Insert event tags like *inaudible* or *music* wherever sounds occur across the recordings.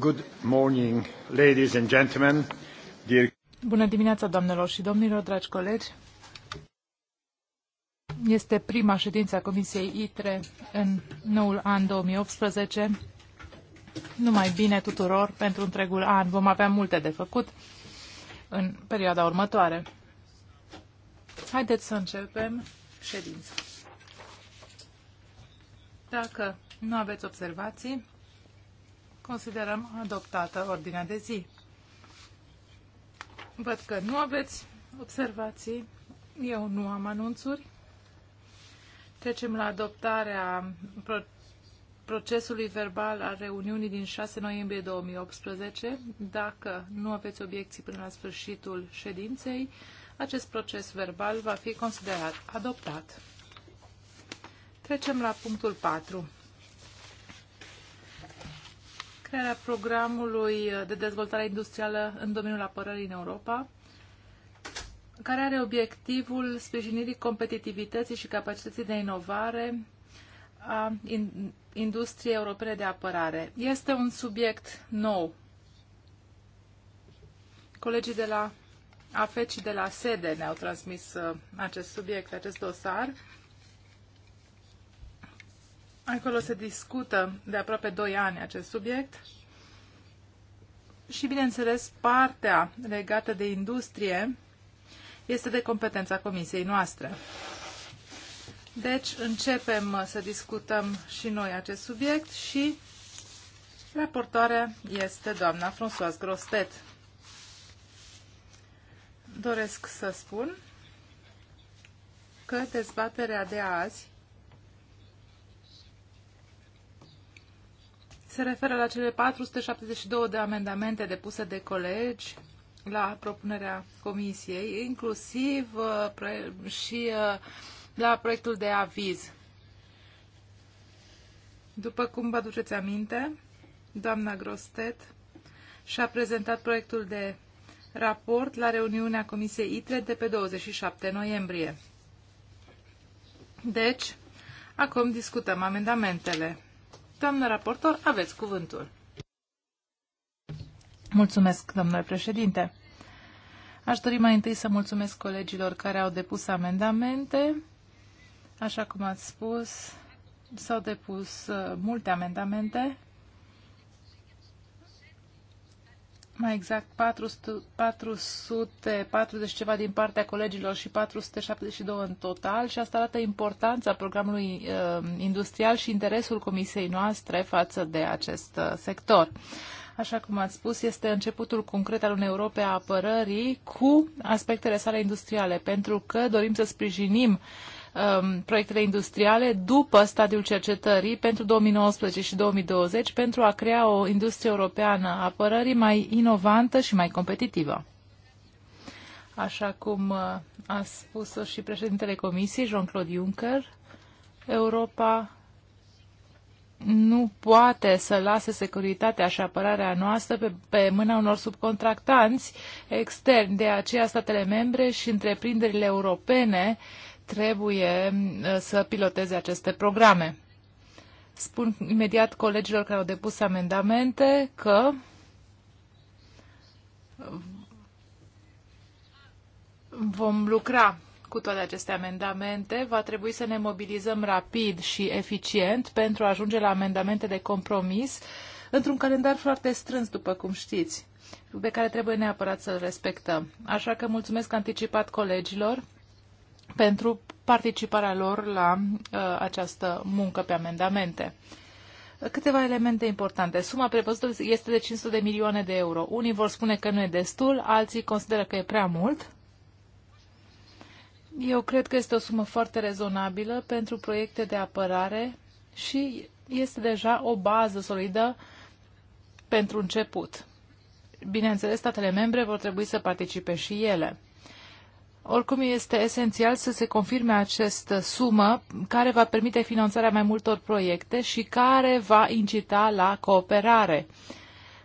Good morning, ladies and gentlemen. Dear... Bună dimineața, doamnelor și domnilor, dragi colegi. Este prima ședință a Comisiei ITRE în noul an 2018. Numai bine tuturor pentru întregul an. Vom avea multe de făcut în perioada următoare. Haideți să începem ședința. Dacă nu aveți observații, Considerăm adoptată ordinea de zi. Văd că nu aveți observații. Eu nu am anunțuri. Trecem la adoptarea pro procesului verbal al reuniunii din 6 noiembrie 2018. Dacă nu aveți obiecții până la sfârșitul ședinței, acest proces verbal va fi considerat adoptat. Trecem la punctul 4 crearea programului de dezvoltare industrială în domeniul apărării în Europa, care are obiectivul sprijinirii competitivității și capacității de inovare a industriei europene de apărare. Este un subiect nou. Colegii de la AFET și de la SEDE ne-au transmis uh, acest subiect, acest dosar. Acolo se discută de aproape 2 ani acest subiect și, bineînțeles, partea legată de industrie este de competența comisiei noastre. Deci, începem să discutăm și noi acest subiect și raportoarea este doamna Françoise Grostet. Doresc să spun că dezbaterea de azi se referă la cele 472 de amendamente depuse de colegi la propunerea comisiei, inclusiv uh, și uh, la proiectul de aviz. După cum vă duceți aminte, doamna Grostet și-a prezentat proiectul de raport la reuniunea Comisiei ITRE de pe 27 noiembrie. Deci, acum discutăm amendamentele. Doamnă raportor, aveți cuvântul. Mulțumesc, domnule președinte. Aș dori mai întâi să mulțumesc colegilor care au depus amendamente. Așa cum ați spus, s-au depus uh, multe amendamente mai exact 400, 440 ceva din partea colegilor și 472 în total și asta arată importanța programului uh, industrial și interesul comisiei noastre față de acest uh, sector. Așa cum ați spus, este începutul concret al unei Europe a apărării cu aspectele sale industriale, pentru că dorim să sprijinim uh, um, proiectele industriale după stadiul cercetării pentru 2019 și 2020 pentru a crea o industrie europeană a apărării mai inovantă și mai competitivă. Așa cum uh, a spus-o și președintele Comisiei, Jean-Claude Juncker, Europa nu poate să lase securitatea și apărarea noastră pe, pe mâna unor subcontractanți externi. De aceea, statele membre și întreprinderile europene trebuie uh, să piloteze aceste programe. Spun imediat colegilor care au depus amendamente că vom lucra cu toate aceste amendamente, va trebui să ne mobilizăm rapid și eficient pentru a ajunge la amendamente de compromis într-un calendar foarte strâns, după cum știți, pe care trebuie neapărat să-l respectăm. Așa că mulțumesc anticipat colegilor pentru participarea lor la uh, această muncă pe amendamente. Câteva elemente importante. Suma prevăzută este de 500 de milioane de euro. Unii vor spune că nu e destul, alții consideră că e prea mult. Eu cred că este o sumă foarte rezonabilă pentru proiecte de apărare și este deja o bază solidă pentru început. Bineînțeles, statele membre vor trebui să participe și ele. Oricum este esențial să se confirme această sumă care va permite finanțarea mai multor proiecte și care va incita la cooperare.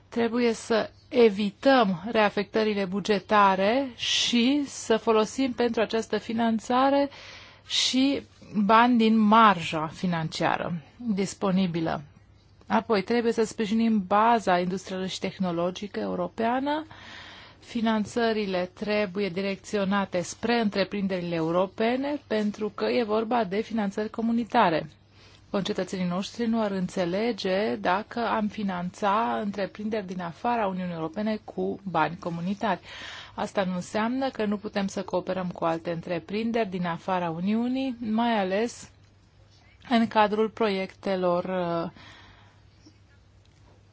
Trebuie să evităm reafectările bugetare și să folosim pentru această finanțare și bani din marja financiară disponibilă. Apoi trebuie să sprijinim baza industrială și tehnologică europeană Finanțările trebuie direcționate spre întreprinderile europene pentru că e vorba de finanțări comunitare. Concetățenii noștri nu ar înțelege dacă am finanța întreprinderi din afara Uniunii Europene cu bani comunitari. Asta nu înseamnă că nu putem să cooperăm cu alte întreprinderi din afara Uniunii, mai ales în cadrul proiectelor uh,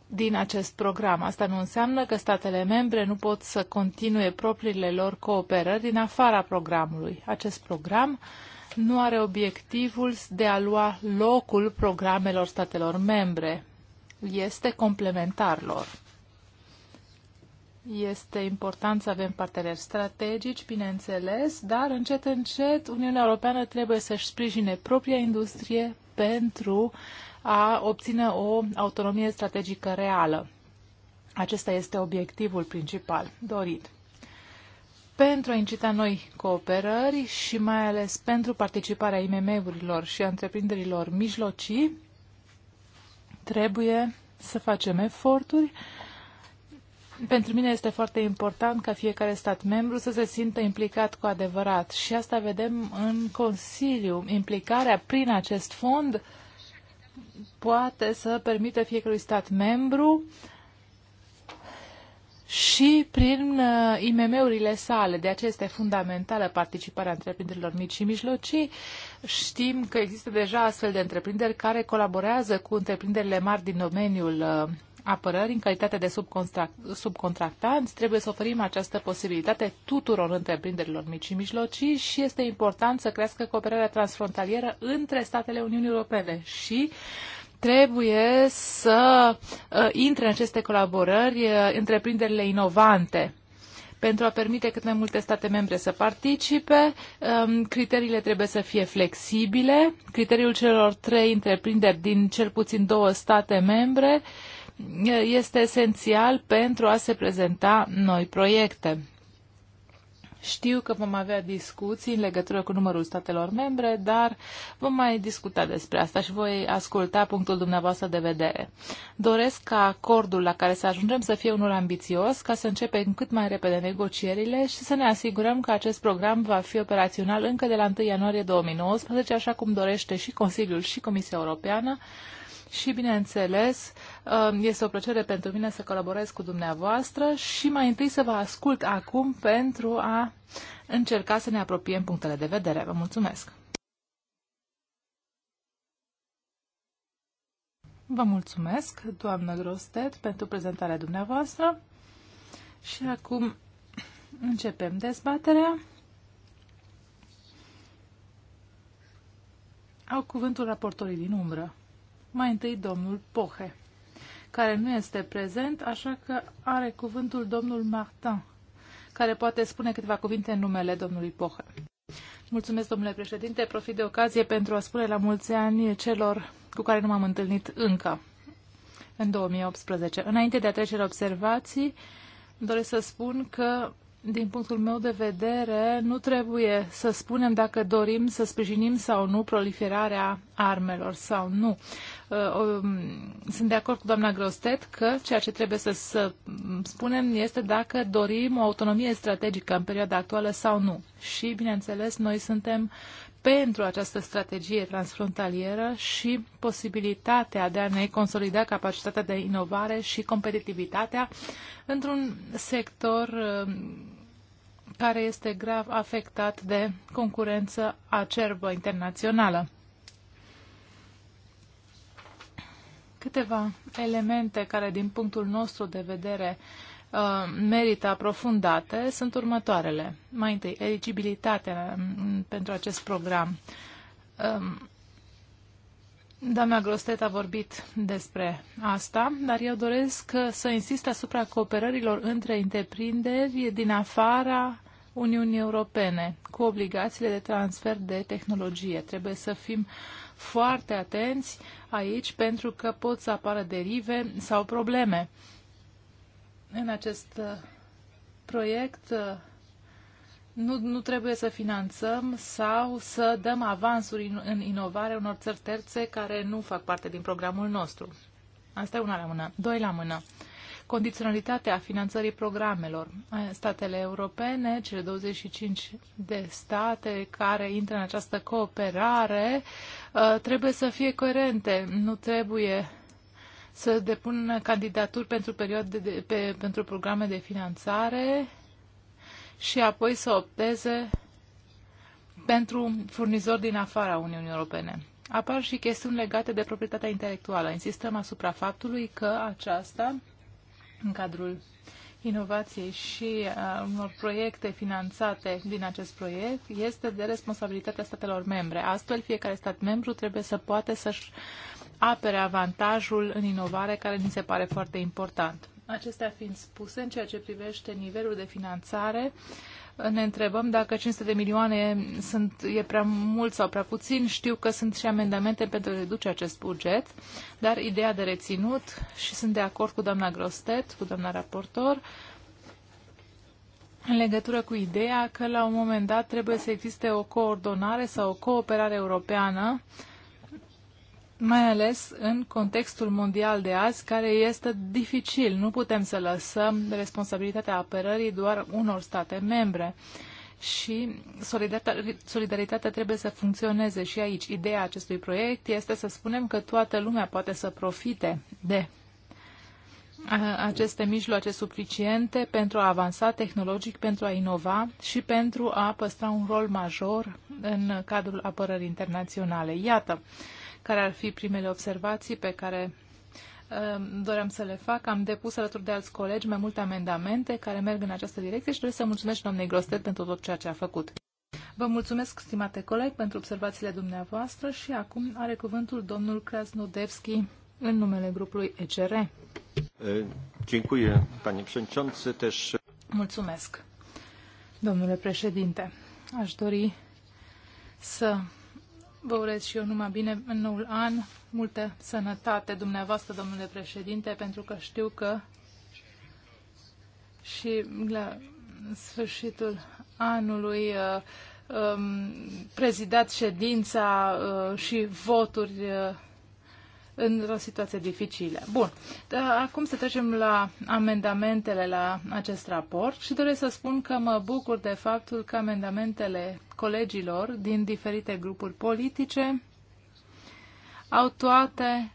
din acest program. Asta nu înseamnă că statele membre nu pot să continue propriile lor cooperări din afara programului. Acest program nu are obiectivul de a lua locul programelor statelor membre. Este complementar lor. Este important să avem parteneri strategici, bineînțeles, dar încet, încet Uniunea Europeană trebuie să-și sprijine propria industrie pentru a obține o autonomie strategică reală. Acesta este obiectivul principal dorit. Pentru a incita noi cooperări și mai ales pentru participarea IMM-urilor și a întreprinderilor mijlocii, trebuie să facem eforturi. Pentru mine este foarte important ca fiecare stat membru să se simtă implicat cu adevărat și asta vedem în Consiliu. Implicarea prin acest fond poate să permită fiecărui stat membru și prin uh, IMM-urile sale. De aceea este fundamentală participarea întreprinderilor mici și mijlocii. Știm că există deja astfel de întreprinderi care colaborează cu întreprinderile mari din domeniul uh, apărări în calitate de subcontractanți, trebuie să oferim această posibilitate tuturor întreprinderilor mici și mijlocii și este important să crească cooperarea transfrontalieră între statele Uniunii Europene și trebuie să uh, intre în aceste colaborări uh, întreprinderile inovante pentru a permite cât mai multe state membre să participe. Um, criteriile trebuie să fie flexibile. Criteriul celor trei întreprinderi din cel puțin două state membre este esențial pentru a se prezenta noi proiecte. Știu că vom avea discuții în legătură cu numărul statelor membre, dar vom mai discuta despre asta și voi asculta punctul dumneavoastră de vedere. Doresc ca acordul la care să ajungem să fie unul ambițios, ca să începem cât mai repede negocierile și să ne asigurăm că acest program va fi operațional încă de la 1 ianuarie 2019, așa cum dorește și Consiliul și Comisia Europeană, și, bineînțeles, um, este o plăcere pentru mine să colaborez cu dumneavoastră și mai întâi să vă ascult acum pentru a încerca să ne apropiem punctele de vedere. Vă mulțumesc! Vă mulțumesc, doamnă Grosted, pentru prezentarea dumneavoastră. Și acum începem dezbaterea. Au cuvântul raportorii din umbră. Mai întâi domnul Pohe, care nu este prezent, așa că are cuvântul domnul Martin, care poate spune câteva cuvinte în numele domnului Pohe. Mulțumesc, domnule președinte. Profit de ocazie pentru a spune la mulți ani celor cu care nu m-am întâlnit încă în 2018. Înainte de a trece la observații, doresc să spun că din punctul meu de vedere, nu trebuie să spunem dacă dorim să sprijinim sau nu proliferarea armelor sau nu. Uh, um, sunt de acord cu doamna Grostet că ceea ce trebuie să, să spunem este dacă dorim o autonomie strategică în perioada actuală sau nu. Și, bineînțeles, noi suntem pentru această strategie transfrontalieră și posibilitatea de a ne consolida capacitatea de inovare și competitivitatea într-un sector uh, care este grav afectat de concurență acerbă internațională. Câteva elemente care, din punctul nostru de vedere, uh, merită aprofundate sunt următoarele. Mai întâi, eligibilitatea um, pentru acest program. Um, doamna Grostet a vorbit despre asta, dar eu doresc să insist asupra cooperărilor între întreprinderi din afara Uniunii Europene cu obligațiile de transfer de tehnologie. Trebuie să fim foarte atenți aici pentru că pot să apară derive sau probleme. În acest uh, proiect uh, nu, nu trebuie să finanțăm sau să dăm avansuri în, în inovare unor țări terțe care nu fac parte din programul nostru. Asta e una la mână. Doi la mână condiționalitatea finanțării programelor. Statele europene, cele 25 de state care intră în această cooperare, uh, trebuie să fie coerente. Nu trebuie să depună candidaturi pentru, perioade de, pe, pentru programe de finanțare și apoi să opteze pentru furnizori din afara Uniunii Europene. Apar și chestiuni legate de proprietatea intelectuală. Insistăm asupra faptului că aceasta în cadrul inovației și uh, unor proiecte finanțate din acest proiect este de responsabilitatea statelor membre. Astfel, fiecare stat membru trebuie să poate să-și apere avantajul în inovare care ni se pare foarte important. Acestea fiind spuse, în ceea ce privește nivelul de finanțare, uh, ne întrebăm dacă 500 de milioane sunt, e prea mult sau prea puțin. Știu că sunt și amendamente pentru a reduce acest buget, dar ideea de reținut și sunt de acord cu doamna Grostet, cu doamna raportor, în legătură cu ideea că la un moment dat trebuie să existe o coordonare sau o cooperare europeană uh, mai ales în contextul mondial de azi, care este dificil. Nu putem să lăsăm responsabilitatea apărării doar unor state membre. Și solidaritatea trebuie să funcționeze și aici. Ideea acestui proiect este să spunem că toată lumea poate să profite de aceste mijloace suficiente pentru a avansa tehnologic, pentru a inova și pentru a păstra un rol major în cadrul apărării internaționale. Iată, care ar fi primele observații pe care um, doream să le fac. Am depus alături de alți colegi mai multe amendamente care merg în această direcție și doresc să mulțumesc doamnei Grostet pentru tot ceea ce a făcut. Vă mulțumesc, stimate coleg, pentru observațiile dumneavoastră și acum are cuvântul domnul Krasnodevski în numele grupului ECR. Mulțumesc, domnule președinte. Aș dori să Vă urez și eu numai bine în noul an, multă sănătate dumneavoastră, domnule președinte, pentru că știu că și la sfârșitul anului uh, um, prezidat ședința uh, și voturi uh, într-o situație dificilă. Bun, da, acum să trecem la amendamentele la acest raport și doresc să spun că mă bucur de faptul că amendamentele colegilor din diferite grupuri politice au toate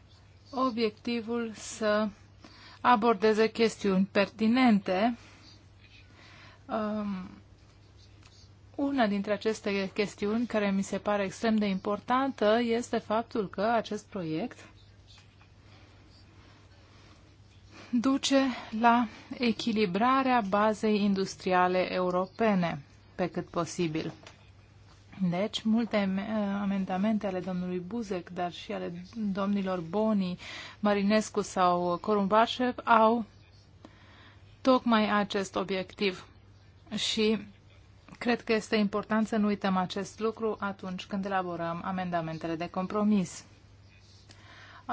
obiectivul să abordeze chestiuni pertinente. Um, una dintre aceste chestiuni care mi se pare extrem de importantă este faptul că acest proiect duce la echilibrarea bazei industriale europene pe cât posibil. Deci, multe eh, amendamente ale domnului Buzek, dar și ale domnilor Boni, Marinescu sau Corumbașev au tocmai acest obiectiv. Și cred că este important să nu uităm acest lucru atunci când elaborăm amendamentele de compromis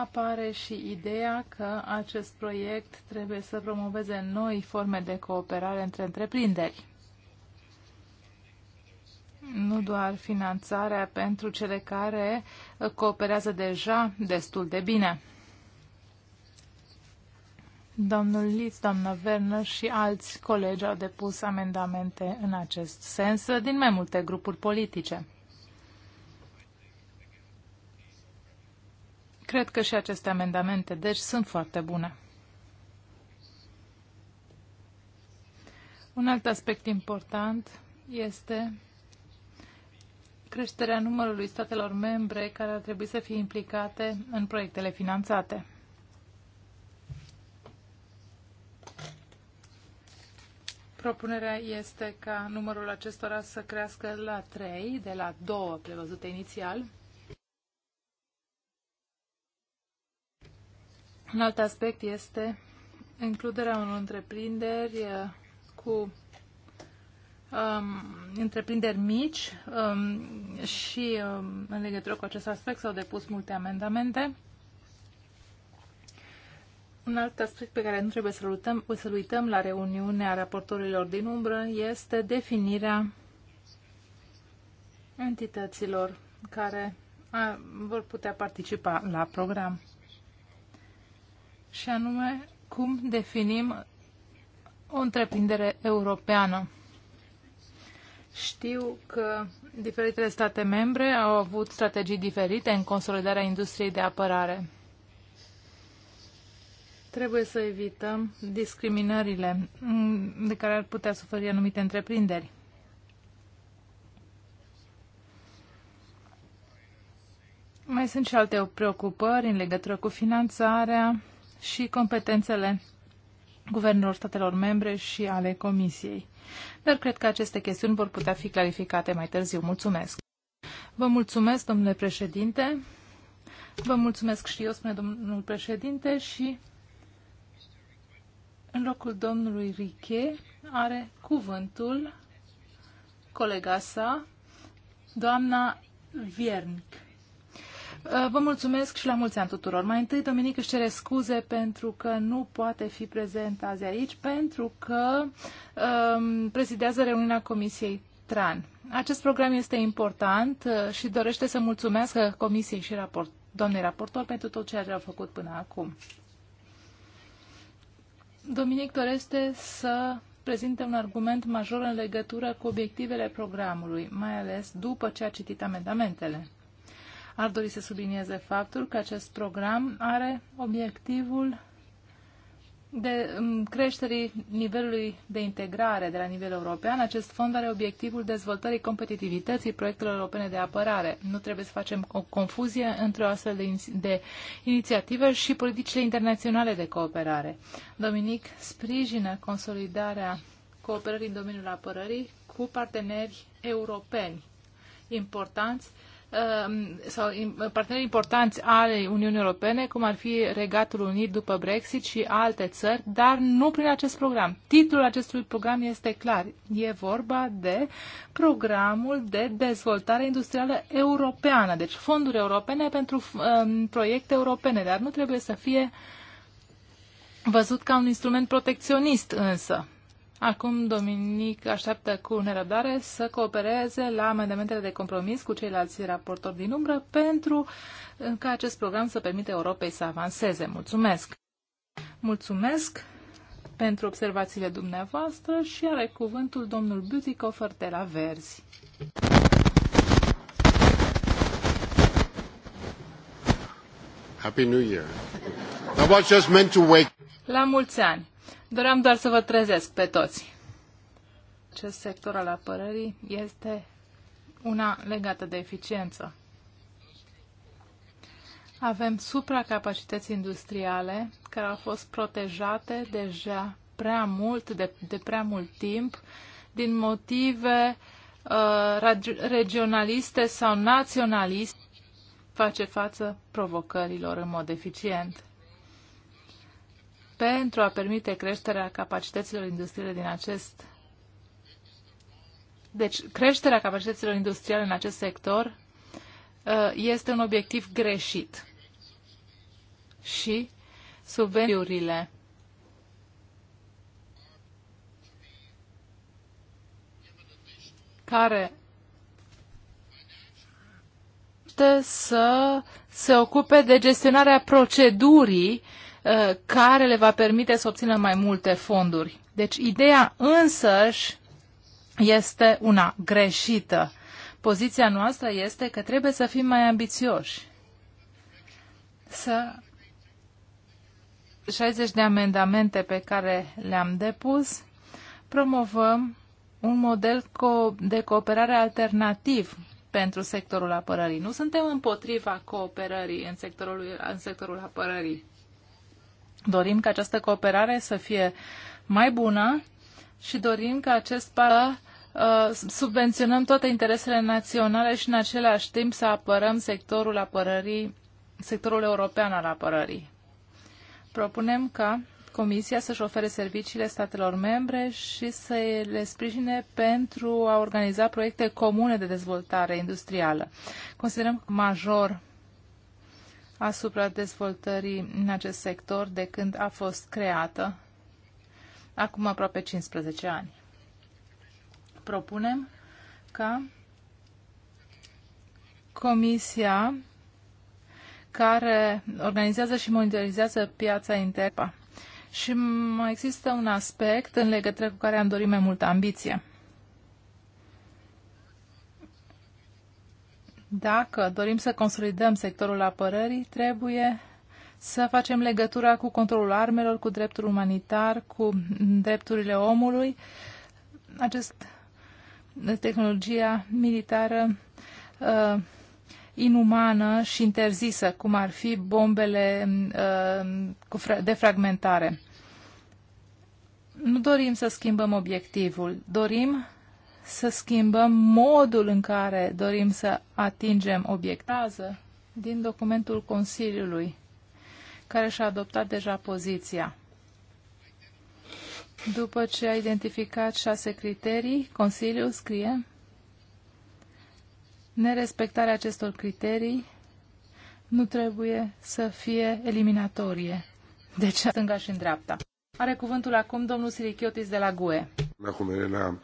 apare și ideea că acest proiect trebuie să promoveze noi forme de cooperare între întreprinderi. Nu doar finanțarea pentru cele care cooperează deja destul de bine. Domnul Liț, doamna Vernă și alți colegi au depus amendamente în acest sens din mai multe grupuri politice. Cred că și aceste amendamente, deci, sunt foarte bune. Un alt aspect important este creșterea numărului statelor membre care ar trebui să fie implicate în proiectele finanțate. Propunerea este ca numărul acestora să crească la 3, de la 2 prevăzute inițial, Un alt aspect este includerea unor întreprinderi eh, cu um, întreprinderi mici um, și um, în legătură cu acest aspect s-au depus multe amendamente. Un alt aspect pe care nu trebuie să-l uităm, să uităm la reuniunea raportorilor din umbră este definirea entităților care a, vor putea participa la program și anume cum definim o întreprindere europeană. Știu că diferitele state membre au avut strategii diferite în consolidarea industriei de apărare. Trebuie să evităm discriminările de care ar putea suferi anumite întreprinderi. Mai sunt și alte preocupări în legătură cu finanțarea și competențele guvernelor statelor membre și ale Comisiei. Dar cred că aceste chestiuni vor putea fi clarificate mai târziu. Mulțumesc! Vă mulțumesc, domnule președinte. Vă mulțumesc și eu, spune domnul președinte, și în locul domnului Riche are cuvântul colega sa, doamna Viernic. Uh, vă mulțumesc și la mulți ani tuturor. Mai întâi, Dominic își cere scuze pentru că nu poate fi prezent azi aici, pentru că um, prezidează reuniunea Comisiei TRAN. Acest program este important uh, și dorește să mulțumească Comisiei și raport, doamnei raportor pentru tot ceea ce au făcut până acum. Dominic dorește să prezinte un argument major în legătură cu obiectivele programului, mai ales după ce a citit amendamentele ar dori să sublinieze faptul că acest program are obiectivul de mm, creșterii nivelului de integrare de la nivel european, acest fond are obiectivul dezvoltării competitivității proiectelor europene de apărare. Nu trebuie să facem o confuzie între o astfel de, de inițiativă și politicile internaționale de cooperare. Dominic sprijină consolidarea cooperării în domeniul apărării cu parteneri europeni importanți Um, sau parteneri importanți ale Uniunii Europene, cum ar fi Regatul Unit după Brexit și alte țări, dar nu prin acest program. Titlul acestui program este clar. E vorba de programul de dezvoltare industrială europeană, deci fonduri europene pentru um, proiecte europene, dar nu trebuie să fie văzut ca un instrument protecționist însă. Acum Dominic așteaptă cu nerăbdare să coopereze la amendamentele de compromis cu ceilalți raportori din umbră pentru ca acest program să permite Europei să avanseze. Mulțumesc! Mulțumesc pentru observațiile dumneavoastră și are cuvântul domnul Butikofer de la Verzi. Happy New Year! I was just meant to wake... La mulți ani! Doream doar să vă trezesc pe toți. Acest sector al apărării este una legată de eficiență. Avem supracapacități industriale care au fost protejate deja prea mult, de, de prea mult timp, din motive uh, regionaliste sau naționaliste face față provocărilor în mod eficient pentru a permite creșterea capacităților industriale din acest deci, creșterea capacităților industriale în acest sector uh, este un obiectiv greșit. Și subvențiurile care să se ocupe de gestionarea procedurii uh, Uh, care le va permite să obțină mai multe fonduri. Deci ideea însăși este una greșită. Poziția noastră este că trebuie să fim mai ambițioși. Să 60 de amendamente pe care le-am depus, promovăm un model de cooperare alternativ pentru sectorul apărării. Nu suntem împotriva cooperării în sectorul, în sectorul apărării. Dorim ca această cooperare să fie mai bună și dorim ca acest par uh, subvenționăm toate interesele naționale și în același timp să apărăm sectorul apărării, sectorul european al apărării. Propunem ca Comisia să-și ofere serviciile statelor membre și să le sprijine pentru a organiza proiecte comune de dezvoltare industrială. Considerăm major asupra dezvoltării în acest sector de când a fost creată, acum aproape 15 ani. Propunem ca Comisia care organizează și monitorizează piața interpa. Și mai există un aspect în legătură cu care am dorit mai multă ambiție. Dacă dorim să consolidăm sectorul apărării, trebuie să facem legătura cu controlul armelor, cu dreptul umanitar, cu drepturile omului. Acest tehnologia militară uh, inumană și interzisă, cum ar fi bombele uh, de fragmentare. Nu dorim să schimbăm obiectivul, dorim să schimbăm modul în care dorim să atingem obiectează din documentul Consiliului, care și-a adoptat deja poziția. După ce a identificat șase criterii, Consiliul scrie nerespectarea acestor criterii nu trebuie să fie eliminatorie. Deci, stânga și în dreapta. Are cuvântul acum domnul Sirichiotis de la GUE. Acum, Elena,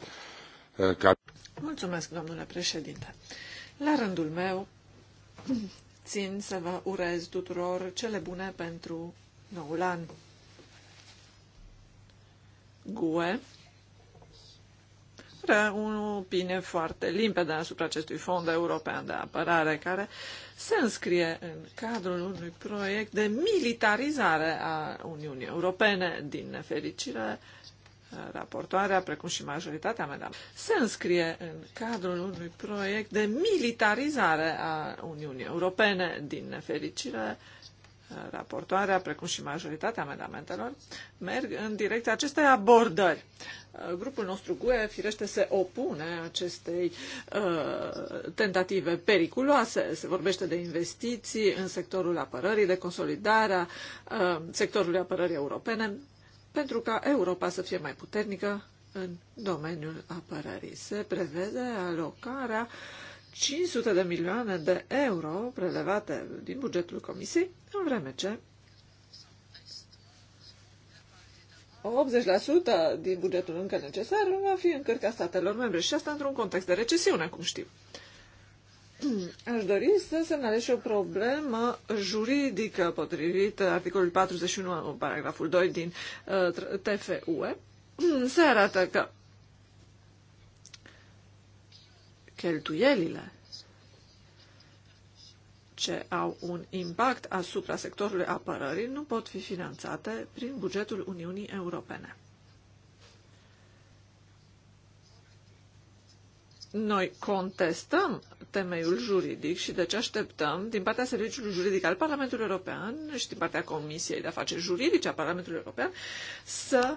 Eh, ca... Mulțumesc, domnule președinte. La rândul meu, *clears throat* țin să vă urez tuturor cele bune pentru noul an. GUE are o opinie foarte limpede asupra acestui fond european de apărare, care se înscrie în cadrul unui proiect de militarizare a Uniunii Europene. Din nefericire, raportoarea, precum și majoritatea mea, se înscrie în cadrul unui proiect de militarizare a Uniunii Europene. Din nefericire, raportoarea, precum și majoritatea amendamentelor, merg în direcția acestei abordări. Grupul nostru GUE, firește, se opune acestei uh, tentative periculoase. Se vorbește de investiții în sectorul apărării, de consolidarea uh, sectorului apărării europene pentru ca Europa să fie mai puternică în domeniul apărării. Se prevede alocarea 500 de milioane de euro prelevate din bugetul Comisiei, în vreme ce 80% din bugetul încă necesar va fi încărcat statelor membre și asta într-un context de recesiune, cum știm. Aș dori să semnalez și o problemă juridică potrivit articolului 41, paragraful 2 din uh, TFUE. Se arată că cheltuielile ce au un impact asupra sectorului apărării nu pot fi finanțate prin bugetul Uniunii Europene. Noi contestăm temeiul juridic și deci așteptăm din partea Serviciului Juridic al Parlamentului European și din partea Comisiei de Afaceri Juridice a Parlamentului European să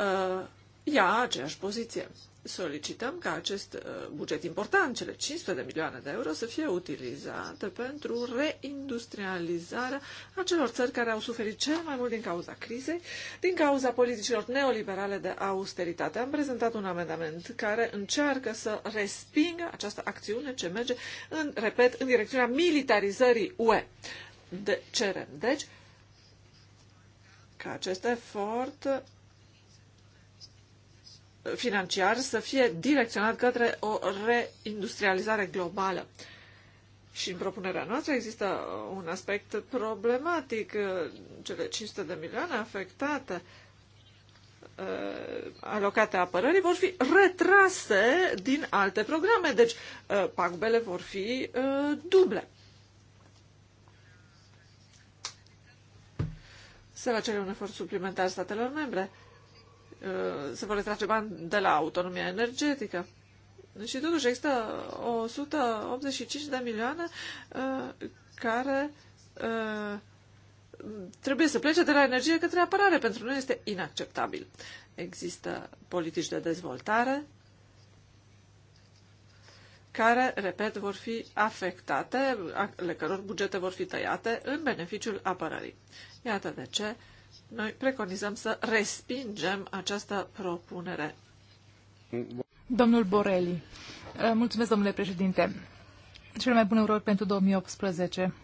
uh, ia aceeași poziție solicităm ca acest uh, buget important, cele 500 de milioane de euro, să fie utilizate pentru reindustrializarea acelor țări care au suferit cel mai mult din cauza crizei, din cauza politicilor neoliberale de austeritate. Am prezentat un amendament care încearcă să respingă această acțiune ce merge, în, repet, în direcțiunea militarizării UE. De cerem, deci, ca acest efort financiar să fie direcționat către o reindustrializare globală. Și în propunerea noastră există un aspect problematic, cele 500 de milioane afectate uh, alocate apărării vor fi retrase din alte programe, deci uh, pagubele vor fi uh, duble. Se va cere un efort suplimentar statelor membre Uh, se vor retrage bani de la autonomia energetică. Și totuși există 185 de milioane uh, care uh, trebuie să plece de la energie către apărare. Pentru noi este inacceptabil. Există politici de dezvoltare care, repet, vor fi afectate, ale căror bugete vor fi tăiate în beneficiul apărării. Iată de ce noi preconizăm să respingem această propunere. Domnul Borelli. Eh, mulțumesc, domnule președinte. Cele mai bune urări pentru 2018.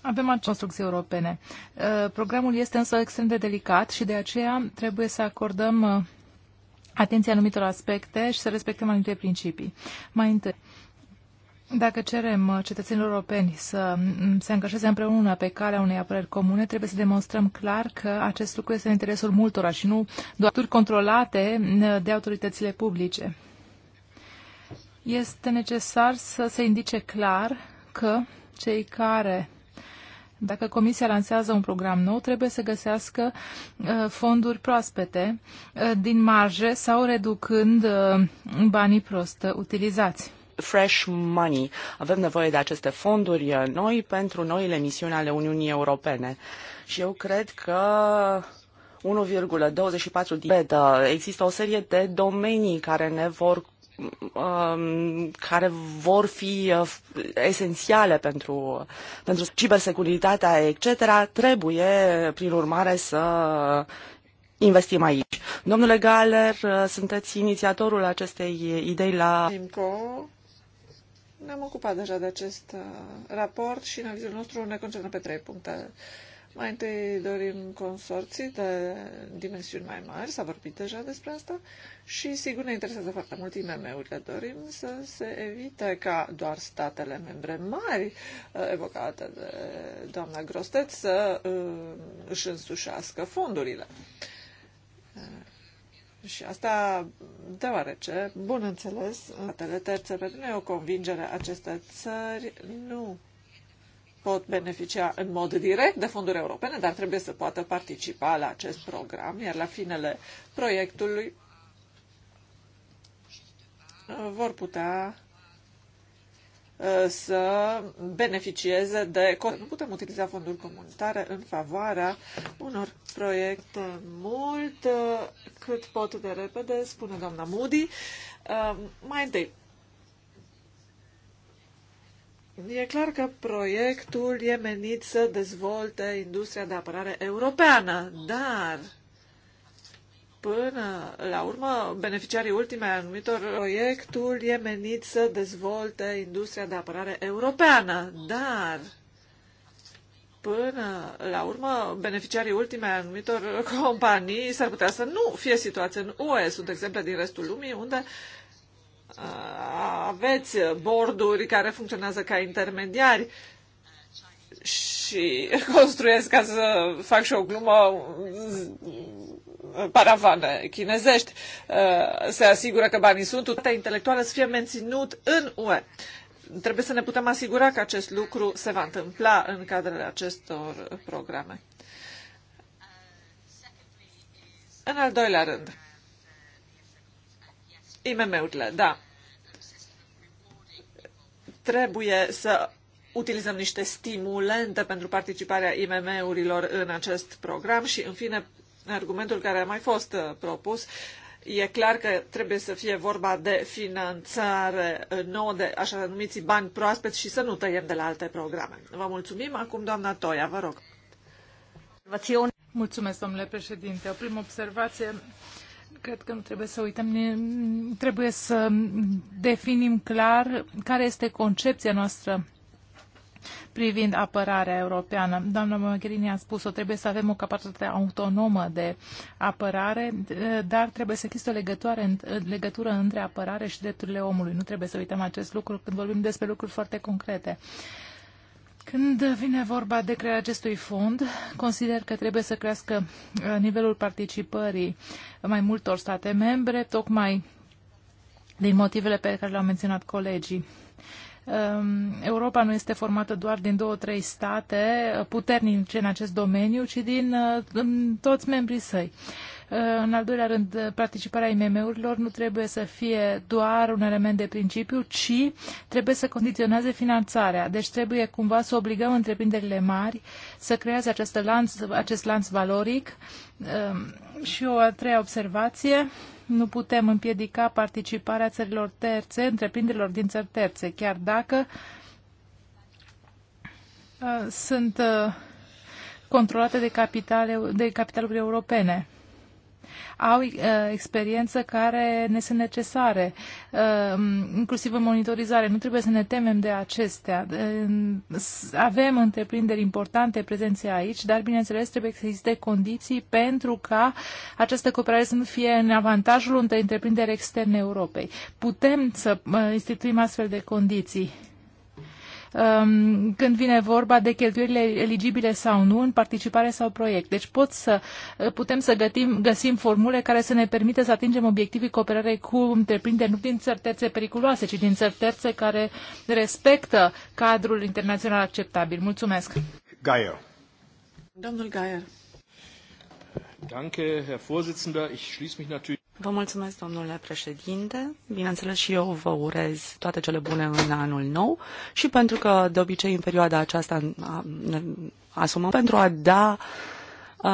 Avem aceste construcții europene. Eh, programul este însă extrem de delicat și de aceea trebuie să acordăm eh, atenție anumitor aspecte și să respectăm anumite principii. Mai întâi, dacă cerem uh, cetățenilor europeni să mm, se angajeze împreună pe calea unei apărări comune, trebuie să demonstrăm clar că acest lucru este în interesul multora și nu doar controlate mm, de autoritățile publice. Este necesar să se indice clar că cei care dacă Comisia lansează un program nou, trebuie să găsească uh, fonduri proaspete uh, din marge sau reducând banii prost utilizați fresh money. Avem nevoie de aceste fonduri eh, noi pentru noile misiuni ale Uniunii Europene. Și eu cred că 1,24 din eh, există o serie de domenii care ne vor mm, mm, care vor fi eh, esențiale pentru, pentru cibersecuritatea, etc., trebuie, prin urmare, să investim aici. Domnule Galer, sunteți inițiatorul acestei idei la... Ne-am ocupat deja de acest uh, raport și în avizul nostru ne concentrăm pe trei puncte. Mai întâi dorim consorții de dimensiuni mai mari, s-a vorbit deja despre asta, și sigur ne interesează foarte mult IMM-urile. Dorim să se evite ca doar statele membre mari, uh, evocate de doamna Grostet, să uh, își însușească fondurile. Și asta deoarece, bun înțeles, statele terțe, pentru noi o convingere, aceste țări nu pot beneficia în mod direct de fonduri europene, dar trebuie să poată participa la acest program, iar la finele proiectului uh, vor putea Uh, să beneficieze de... Nu putem utiliza fonduri comunitare în favoarea unor proiecte mult uh, cât pot de repede, spune doamna Moody. Uh, mai întâi, E clar că proiectul e menit să dezvolte industria de apărare europeană, dar Până la urmă, beneficiarii ultime a anumitor proiectul e menit să dezvolte industria de apărare europeană, dar până la urmă, beneficiarii ultime a anumitor companii s-ar putea să nu fie situație în UE. Sunt exemple din restul lumii unde aveți borduri care funcționează ca intermediari și construiesc, ca să fac și o glumă, paravane chinezești uh, se asigură că banii sunt, toate intelectuală să fie menținut în UE. Trebuie să ne putem asigura că acest lucru se va întâmpla în cadrele acestor programe. În al doilea rând, IMM-urile, da. Trebuie să utilizăm niște stimulente pentru participarea IMM-urilor în acest program și, în fine, argumentul care a mai fost uh, propus. E clar că trebuie să fie vorba de finanțare uh, nouă de așa numiți bani proaspeți și să nu tăiem de la alte programe. Vă mulțumim. Acum, doamna Toia, vă rog. Mulțumesc, domnule președinte. O primă observație cred că nu trebuie să uităm, ne, trebuie să definim clar care este concepția noastră privind apărarea europeană. Doamna Mogherini a spus-o, trebuie să avem o capacitate autonomă de apărare, dar trebuie să există o legătură, legătură între apărare și drepturile omului. Nu trebuie să uităm acest lucru când vorbim despre lucruri foarte concrete. Când vine vorba de crearea acestui fond, consider că trebuie să crească uh, nivelul participării mai multor state membre, tocmai din motivele pe care le-au menționat colegii. Ehm, Europa nu este formată doar din două, trei state eh, puternice în acest domeniu, ci din eh, toți membrii săi. Eh, în al doilea rând, participarea IMM-urilor nu trebuie să fie doar un element de principiu, ci trebuie să condiționeze finanțarea. Deci trebuie cumva să obligăm întreprinderile mari să creeze acest lanț, acest lanț valoric. Ehm, și o a treia observație, nu putem împiedica participarea țărilor terțe, întreprinderilor din țări terțe, chiar dacă uh, sunt uh, controlate de, capitale, de capitaluri europene au uh, experiență care ne sunt necesare, uh, inclusiv în monitorizare. Nu trebuie să ne temem de acestea. Uh, avem întreprinderi importante prezențe aici, dar, bineînțeles, trebuie să existe condiții pentru ca această cooperare să nu fie în avantajul unei întreprinderi externe Europei. Putem să uh, instituim astfel de condiții um, când vine vorba de cheltuielile eligibile sau nu în participare sau proiect. Deci pot să, uh, putem să gătim, găsim formule care să ne permită să atingem obiectivii cooperării cu întreprinderi nu din țări terțe periculoase, ci din țări terțe care respectă cadrul internațional acceptabil. Mulțumesc! Gaier. Domnul Gaier. Vă mulțumesc, domnule președinte. Bineînțeles și eu vă urez toate cele bune în anul nou și pentru că de obicei în perioada aceasta ne asumăm pentru a da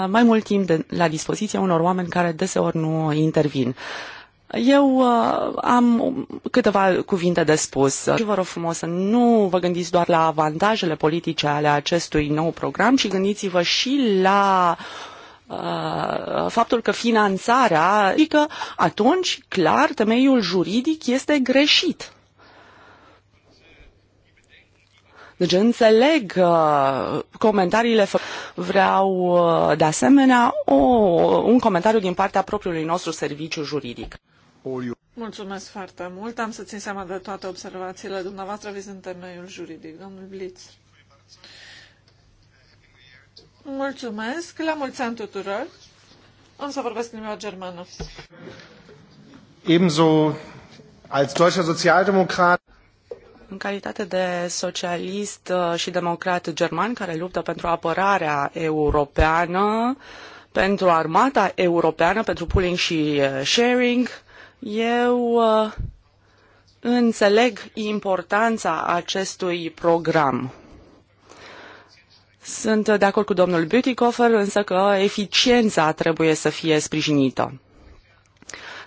mai mult timp de, la dispoziție unor oameni care deseori nu intervin. Eu uh, am câteva cuvinte de spus și vă rog frumos să nu vă gândiți doar la avantajele politice ale acestui nou program, ci gândiți-vă și la uh, Uh, faptul că finanțarea, adică atunci, clar, temeiul juridic este greșit. Deci înțeleg uh, comentariile Vreau uh, de asemenea o, un comentariu din partea propriului nostru serviciu juridic. Mulțumesc foarte mult. Am să țin seama de toate observațiile dumneavoastră vizând temeiul juridic. Domnul Blitz. Mulțumesc, la mulți ani tuturor. Am să vorbesc în limba germană. Ebenso als deutscher Sozialdemokrat în calitate de socialist uh, și democrat german care luptă pentru apărarea europeană, pentru armata europeană, pentru pooling și uh, sharing, eu uh, înțeleg importanța acestui program. Sunt de acord cu domnul Bütikofer, însă că eficiența trebuie să fie sprijinită.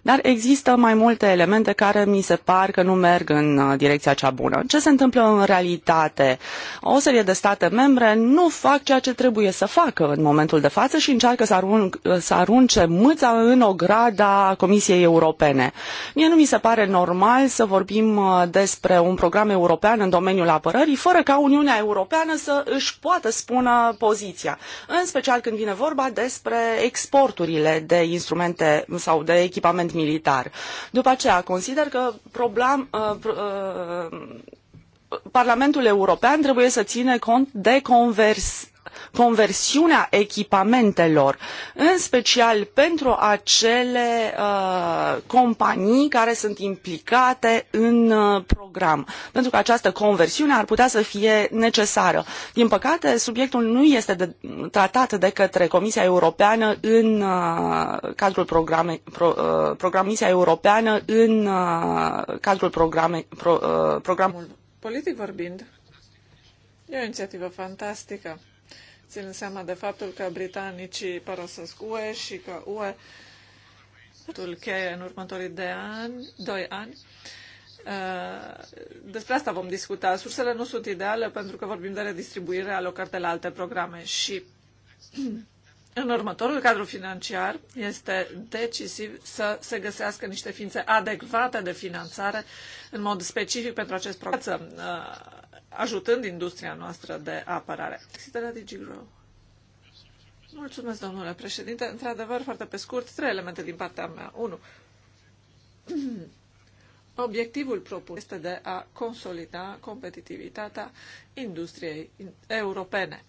Dar există mai multe elemente care mi se par că nu merg în uh, direcția cea bună. Ce se întâmplă în realitate? O serie de state membre nu fac ceea ce trebuie să facă în momentul de față și încearcă să, arunc, uh, să arunce mâța în ograda Comisiei Europene. Mie nu mi se pare normal să vorbim uh, despre un program european în domeniul apărării fără ca Uniunea Europeană să își poată spună poziția. În special când vine vorba despre exporturile de instrumente sau de echipamente echipament militar. După aceea, consider că problem, uh, uh, Parlamentul European trebuie să ține cont de convers, conversiunea echipamentelor, în special pentru acele uh, companii care sunt implicate în uh, program, pentru că această conversiune ar putea să fie necesară. Din păcate, subiectul nu este de, tratat de către Comisia Europeană în uh, cadrul programe, pro, Programisia uh, Europeană în uh, cadrul programe, pro, uh, programului politic vorbind. E o inițiativă fantastică ținând seama de faptul că britanicii părăsesc UE și că UE cheie în următorii de ani, doi ani. Uh, despre asta vom discuta. Sursele nu sunt ideale pentru că vorbim de redistribuire alocate la alte programe și *clears throat* în următorul cadru financiar este decisiv să se găsească niște ființe adecvate de finanțare în mod specific pentru acest program. Uh, ajutând industria noastră de apărare. Mulțumesc, domnule președinte. Într-adevăr, foarte pe scurt, trei elemente din partea mea. 1. *clears throat* Obiectivul propus este de a consolida competitivitatea industriei europene.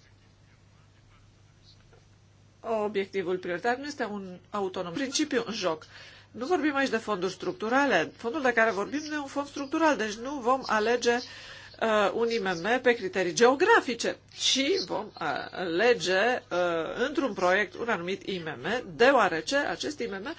Obiectivul prioritar nu este un autonom principiu în joc. Nu vorbim aici de fonduri structurale. Fondul de care vorbim nu e un fond structural, deci nu vom alege uh, uh, un IMM pe criterii geografice, și vom alege uh, într-un proiect un anumit IMM, deoarece acest IMM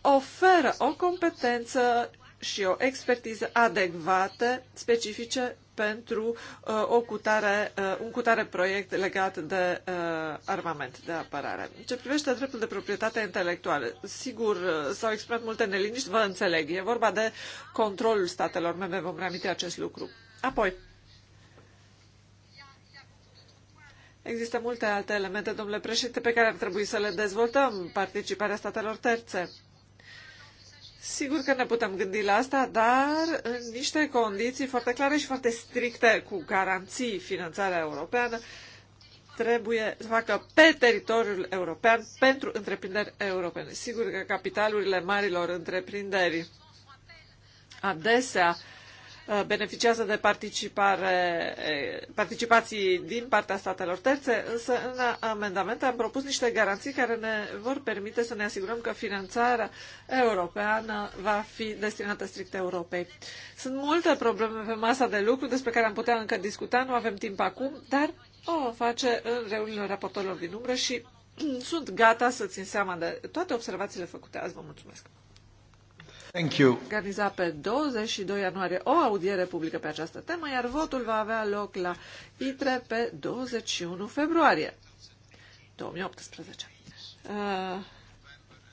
oferă o competență și o expertiză adecvate, specifice pentru uh, o cutare, uh, un cutare proiect legat de uh, armament, de apărare. Ce privește dreptul de proprietate intelectuală, sigur, uh, s-au exprimat multe neliniști, vă înțeleg. E vorba de controlul statelor membre, vom reaminti acest lucru. Apoi, există multe alte elemente, domnule președinte, pe care ar trebui să le dezvoltăm, participarea statelor terțe. Sigur că ne putem gândi la asta, dar în niște condiții foarte clare și foarte stricte, cu garanții finanțarea europeană, trebuie să facă pe teritoriul european pentru întreprinderi europene. Sigur că capitalurile marilor întreprinderi adesea Uh, beneficiază de participare, eh, participații din partea statelor terțe, însă în amendamente am propus niște garanții care ne vor permite să ne asigurăm că finanțarea europeană va fi destinată strict Europei. Sunt multe probleme pe masa de lucru despre care am putea încă discuta, nu avem timp acum, dar o vom face în reuniunile raportorilor din umbră și *clears throat* sunt gata să țin seama de toate observațiile făcute azi. Vă mulțumesc! Thank you. organiza pe 22 ianuarie o audiere publică pe această temă, iar votul va avea loc la ITRE pe 21 februarie 2018. Uh,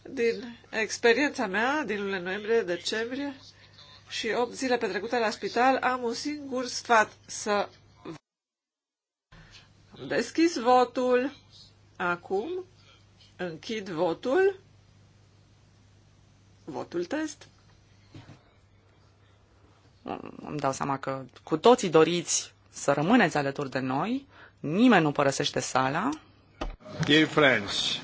din experiența mea, din lunile noiembrie, decembrie și 8 zile petrecute la spital, am un singur sfat să am deschis votul. Acum închid votul. Votul test îmi dau seama că cu toții doriți să rămâneți alături de noi, nimeni nu părăsește sala. Dear friends,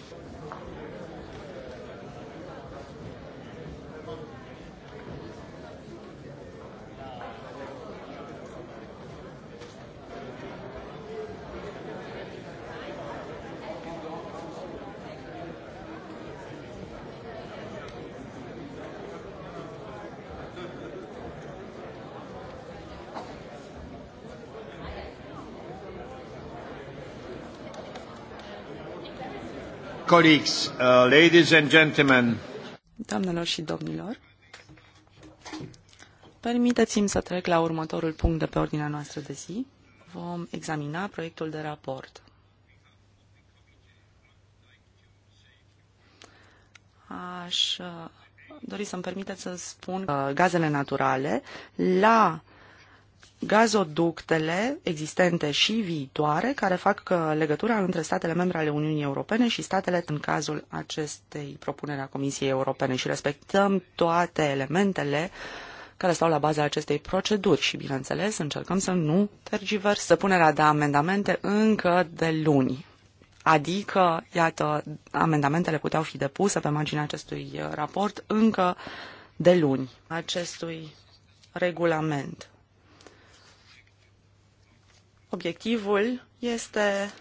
colleagues, uh, ladies and gentlemen. Doamnelor și domnilor, permiteți-mi să trec la următorul punct de pe ordinea noastră de zi. Vom examina proiectul de raport. Aș uh, dori să-mi permiteți să spun că uh, gazele naturale la uh, gazoductele existente și viitoare care fac legătura între statele membre ale Uniunii Europene și statele în cazul acestei propuneri a Comisiei Europene și respectăm toate elementele care stau la baza acestei proceduri și, bineînțeles, încercăm să nu tergiversăm punerea de amendamente încă de luni. Adică, iată, amendamentele puteau fi depuse pe marginea acestui raport încă de luni acestui regulament. Obiectivul este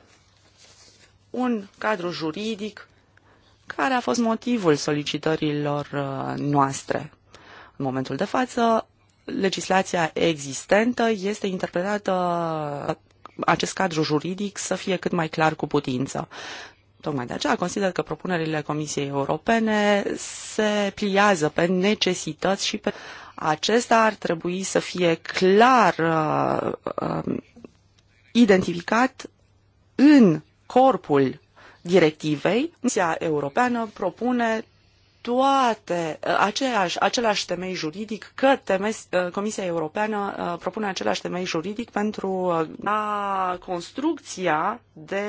un cadru juridic care a fost motivul solicitărilor uh, noastre. În momentul de față, legislația existentă este interpretată acest cadru juridic să fie cât mai clar cu putință. Tocmai de aceea consider că propunerile Comisiei Europene se pliază pe necesități și pe acesta ar trebui să fie clar uh, uh, identificat în corpul directivei. Comisia Europeană propune toate uh, aceeași, același temei juridic, că teme, uh, Comisia Europeană uh, propune același temei juridic pentru a construcția de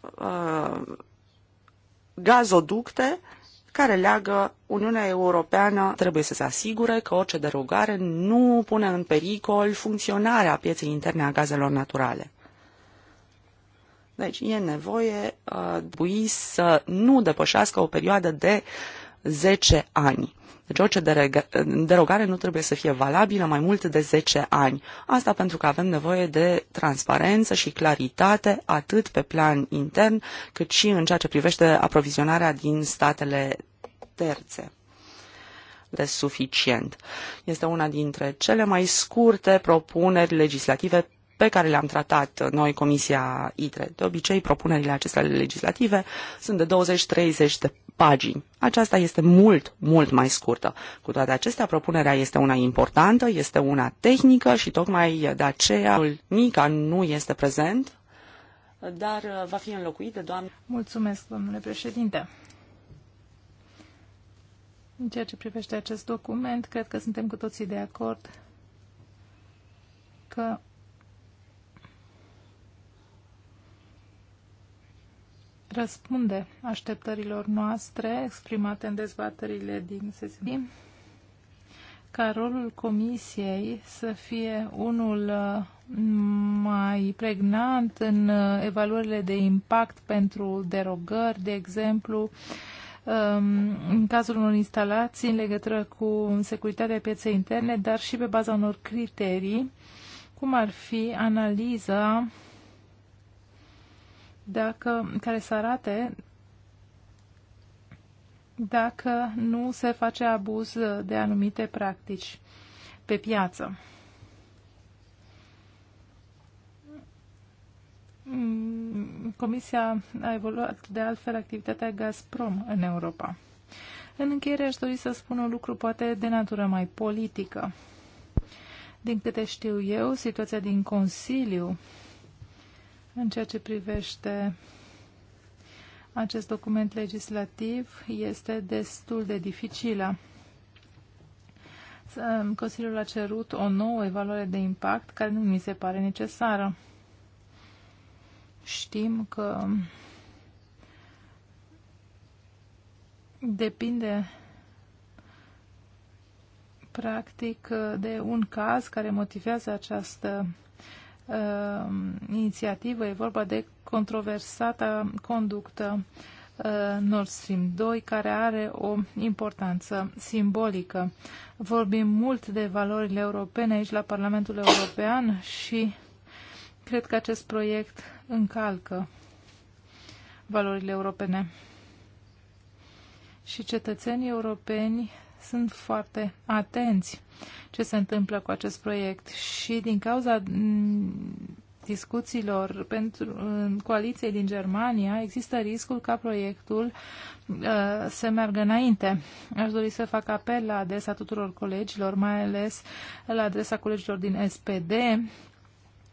uh, gazoducte uh, care leagă Uniunea Europeană. Trebuie să se asigure că orice derogare nu pune în pericol funcționarea pieței interne a gazelor naturale. Deci e nevoie uh, să nu depășească o perioadă de 10 ani. Deci orice derogare nu trebuie să fie valabilă mai mult de 10 ani. Asta pentru că avem nevoie de transparență și claritate atât pe plan intern cât și în ceea ce privește aprovizionarea din statele terțe de suficient. Este una dintre cele mai scurte propuneri legislative pe care le-am tratat noi, Comisia ITRE. De obicei, propunerile acestea legislative sunt de 20-30 de pagini. Aceasta este mult, mult mai scurtă. Cu toate acestea, propunerea este una importantă, este una tehnică și tocmai de aceea Mica nu este prezent, dar uh, va fi înlocuit de doamne. Mulțumesc, domnule președinte. În ceea ce privește acest document, cred că suntem cu toții de acord că răspunde așteptărilor noastre exprimate în dezbaterile din sesiune ca rolul comisiei să fie unul uh, mai pregnant în uh, evaluările de impact pentru derogări, de exemplu, um, în cazul unor instalații în legătură cu securitatea pieței interne, dar și pe baza unor criterii, cum ar fi analiza dacă, care să arate dacă nu se face abuz de anumite practici pe piață. Mm, Comisia a evoluat de altfel activitatea Gazprom în Europa. În încheiere aș dori să spun un lucru poate de natură mai politică. Din câte știu eu, situația din Consiliu în ceea ce privește acest document legislativ, este destul de dificilă. Consiliul a cerut o nouă evaluare de impact care nu mi se pare necesară. Știm că depinde practic de un caz care motivează această uh, inițiativă, e vorba de controversata conductă uh, Nord Stream 2, care are o importanță simbolică. Vorbim mult de valorile europene aici la Parlamentul European și cred că acest proiect încalcă valorile europene. Și cetățenii europeni sunt foarte atenți ce se întâmplă cu acest proiect și din cauza mm, discuțiilor pentru, în coaliției din Germania, există riscul ca proiectul uh, să meargă înainte. Aș dori să fac apel la adresa tuturor colegilor, mai ales la adresa colegilor din SPD,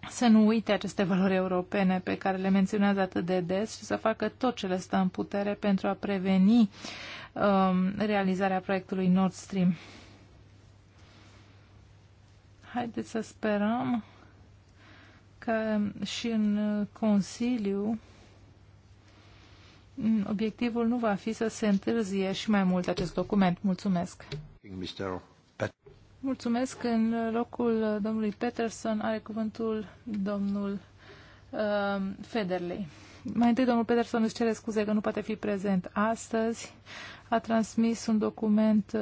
să nu uite aceste valori europene pe care le menționează atât de des și să facă tot ce le stă în putere pentru a preveni Um, realizarea proiectului Nord Stream. Haideți să sperăm că și în Consiliu obiectivul nu va fi să se întârzie și mai mult acest document. Mulțumesc! Mulțumesc. În locul domnului Peterson are cuvântul domnul uh, Federley. Mai întâi, domnul Peterson își cere scuze că nu poate fi prezent astăzi. A transmis un document uh,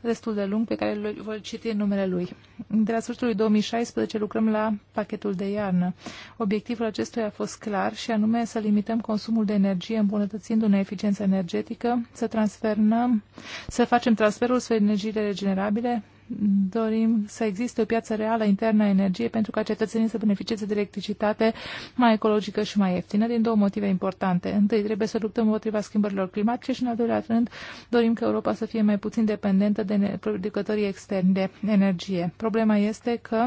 destul de lung pe care îl voi citi în numele lui. De la sfârșitul lui 2016 lucrăm la pachetul de iarnă. Obiectivul acestuia a fost clar și anume să limităm consumul de energie îmbunătățind o eficiență energetică, să transferăm, să facem transferul spre energiile regenerabile, dorim să existe o piață reală internă a energiei pentru ca cetățenii să beneficieze de electricitate mai ecologică și mai ieftină, din două motive importante. Întâi, trebuie să luptăm împotriva schimbărilor climatice și, în al doilea rând, dorim ca Europa să fie mai puțin dependentă de producătorii externi de energie. Problema este că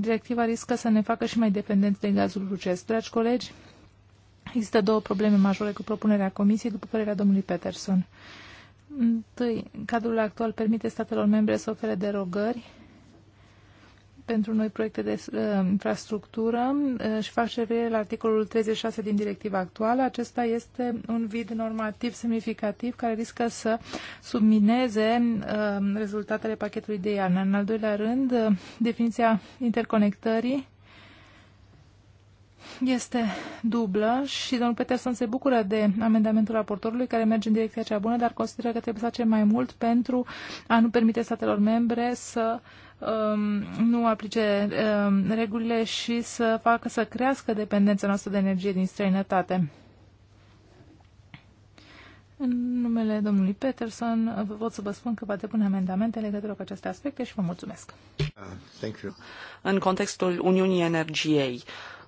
directiva riscă să ne facă și mai dependenți de gazul rucesc. Dragi colegi, există două probleme majore cu propunerea Comisiei, după părerea domnului Peterson. Întâi, cadrul actual permite statelor membre să ofere derogări pentru noi proiecte de uh, infrastructură uh, și face referire la articolul 36 din directiva actuală. Acesta este un vid normativ semnificativ care riscă să submineze uh, rezultatele pachetului de iarnă. În al doilea rând, uh, definiția interconectării este dublă și domnul Peterson se bucură de amendamentul raportorului care merge în direcția cea bună, dar consideră că trebuie să facem mai mult pentru a nu permite statelor membre să um, nu aplice um, regulile și să facă să crească dependența noastră de energie din străinătate. În numele domnului Peterson vă pot să vă spun că va depune amendamente legătură cu aceste aspecte și vă mulțumesc. Uh, thank you. În contextul Uniunii Energiei, uh,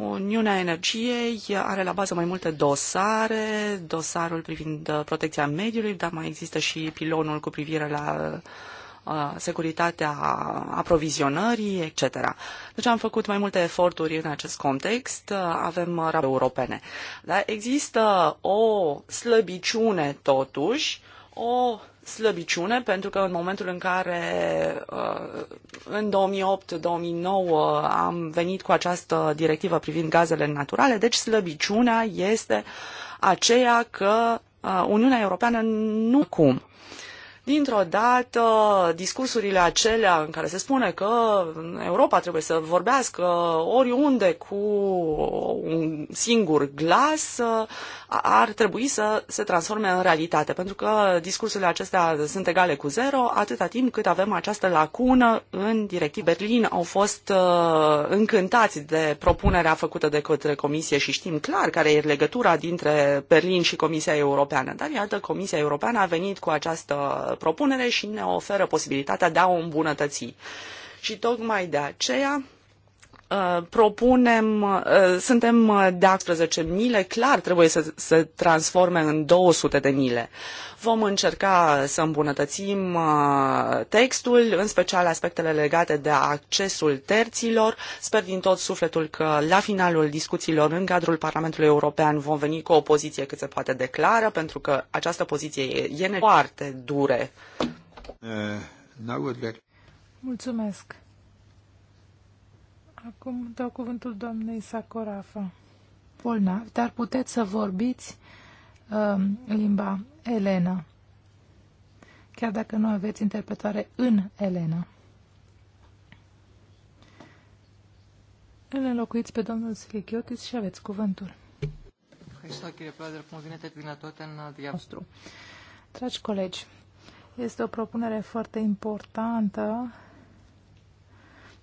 Uniunea Energiei are la bază mai multe dosare, dosarul privind uh, protecția mediului, dar mai există și pilonul cu privire la uh, securitatea aprovizionării, etc. Deci am făcut mai multe eforturi în acest context, uh, avem rapoarte europene. Dar există o slăbiciune totuși, o slăbiciune, pentru că în momentul în care uh, în 2008-2009 am venit cu această directivă privind gazele naturale, deci slăbiciunea este aceea că uh, Uniunea Europeană nu cum dintr-o dată discursurile acelea în care se spune că Europa trebuie să vorbească oriunde cu un singur glas ar trebui să se transforme în realitate, pentru că discursurile acestea sunt egale cu zero atâta timp cât avem această lacună în directiv. Berlin au fost uh, încântați de propunerea făcută de către Comisie și știm clar care e legătura dintre Berlin și Comisia Europeană, dar iată, Comisia Europeană a venit cu această propunere și ne oferă posibilitatea de a o îmbunătăți. Și tocmai de aceea Uh, propunem, uh, suntem uh, de 18 mile, clar trebuie să se transforme în 200 de mile. Vom încerca să îmbunătățim textul, în special aspectele legate de accesul terților. Sper din tot sufletul că la finalul discuțiilor în cadrul Parlamentului European vom veni cu o poziție cât se poate de clară, pentru că această poziție e, e foarte dure. Eh, Mulțumesc. Acum dau cuvântul doamnei Sacorafa. Polnav, dar puteți să vorbiți uh, limba elena, chiar dacă nu aveți interpretare în elena. Îl înlocuiți pe domnul Sfichiotis și aveți cuvântul. Uh, Dragi colegi, este o propunere foarte importantă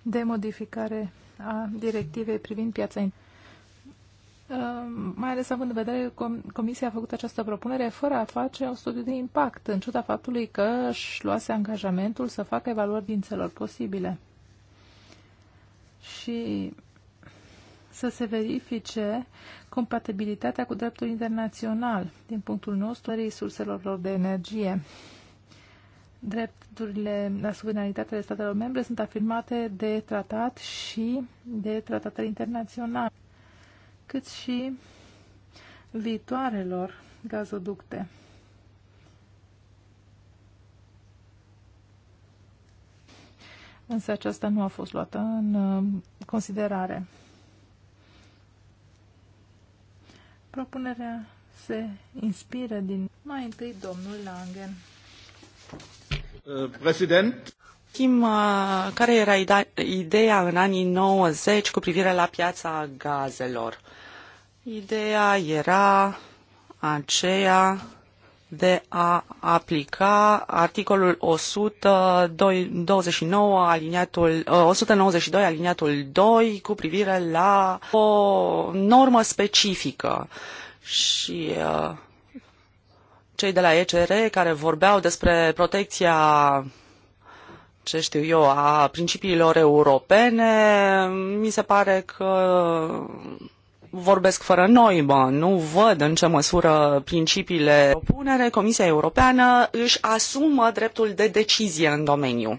de modificare a directivei privind piața mai ales având în vedere că Comisia a făcut această propunere fără a face un studiu de impact, în ciuda faptului că își luase angajamentul să facă evaluări din țelor posibile și să se verifice compatibilitatea cu dreptul internațional din punctul nostru resurselor lor de energie drepturile la suveranitatea de statelor membre sunt afirmate de tratat și de tratatele internaționale, cât și viitoarelor gazoducte. Însă aceasta nu a fost luată în uh, considerare. Propunerea se inspiră din mai întâi domnul Langen. Uh, president. Știm uh, care era ideea în anii 90 cu privire la piața gazelor. Ideea era aceea de a aplica articolul 129 aliniatul, 192 uh, aliniatul 2 cu privire la o normă specifică și uh, cei de la ECR care vorbeau despre protecția ce știu eu, a principiilor europene, mi se pare că vorbesc fără noi, bă, Nu văd în ce măsură principiile propunere, Comisia Europeană își asumă dreptul de decizie în domeniu. Uh,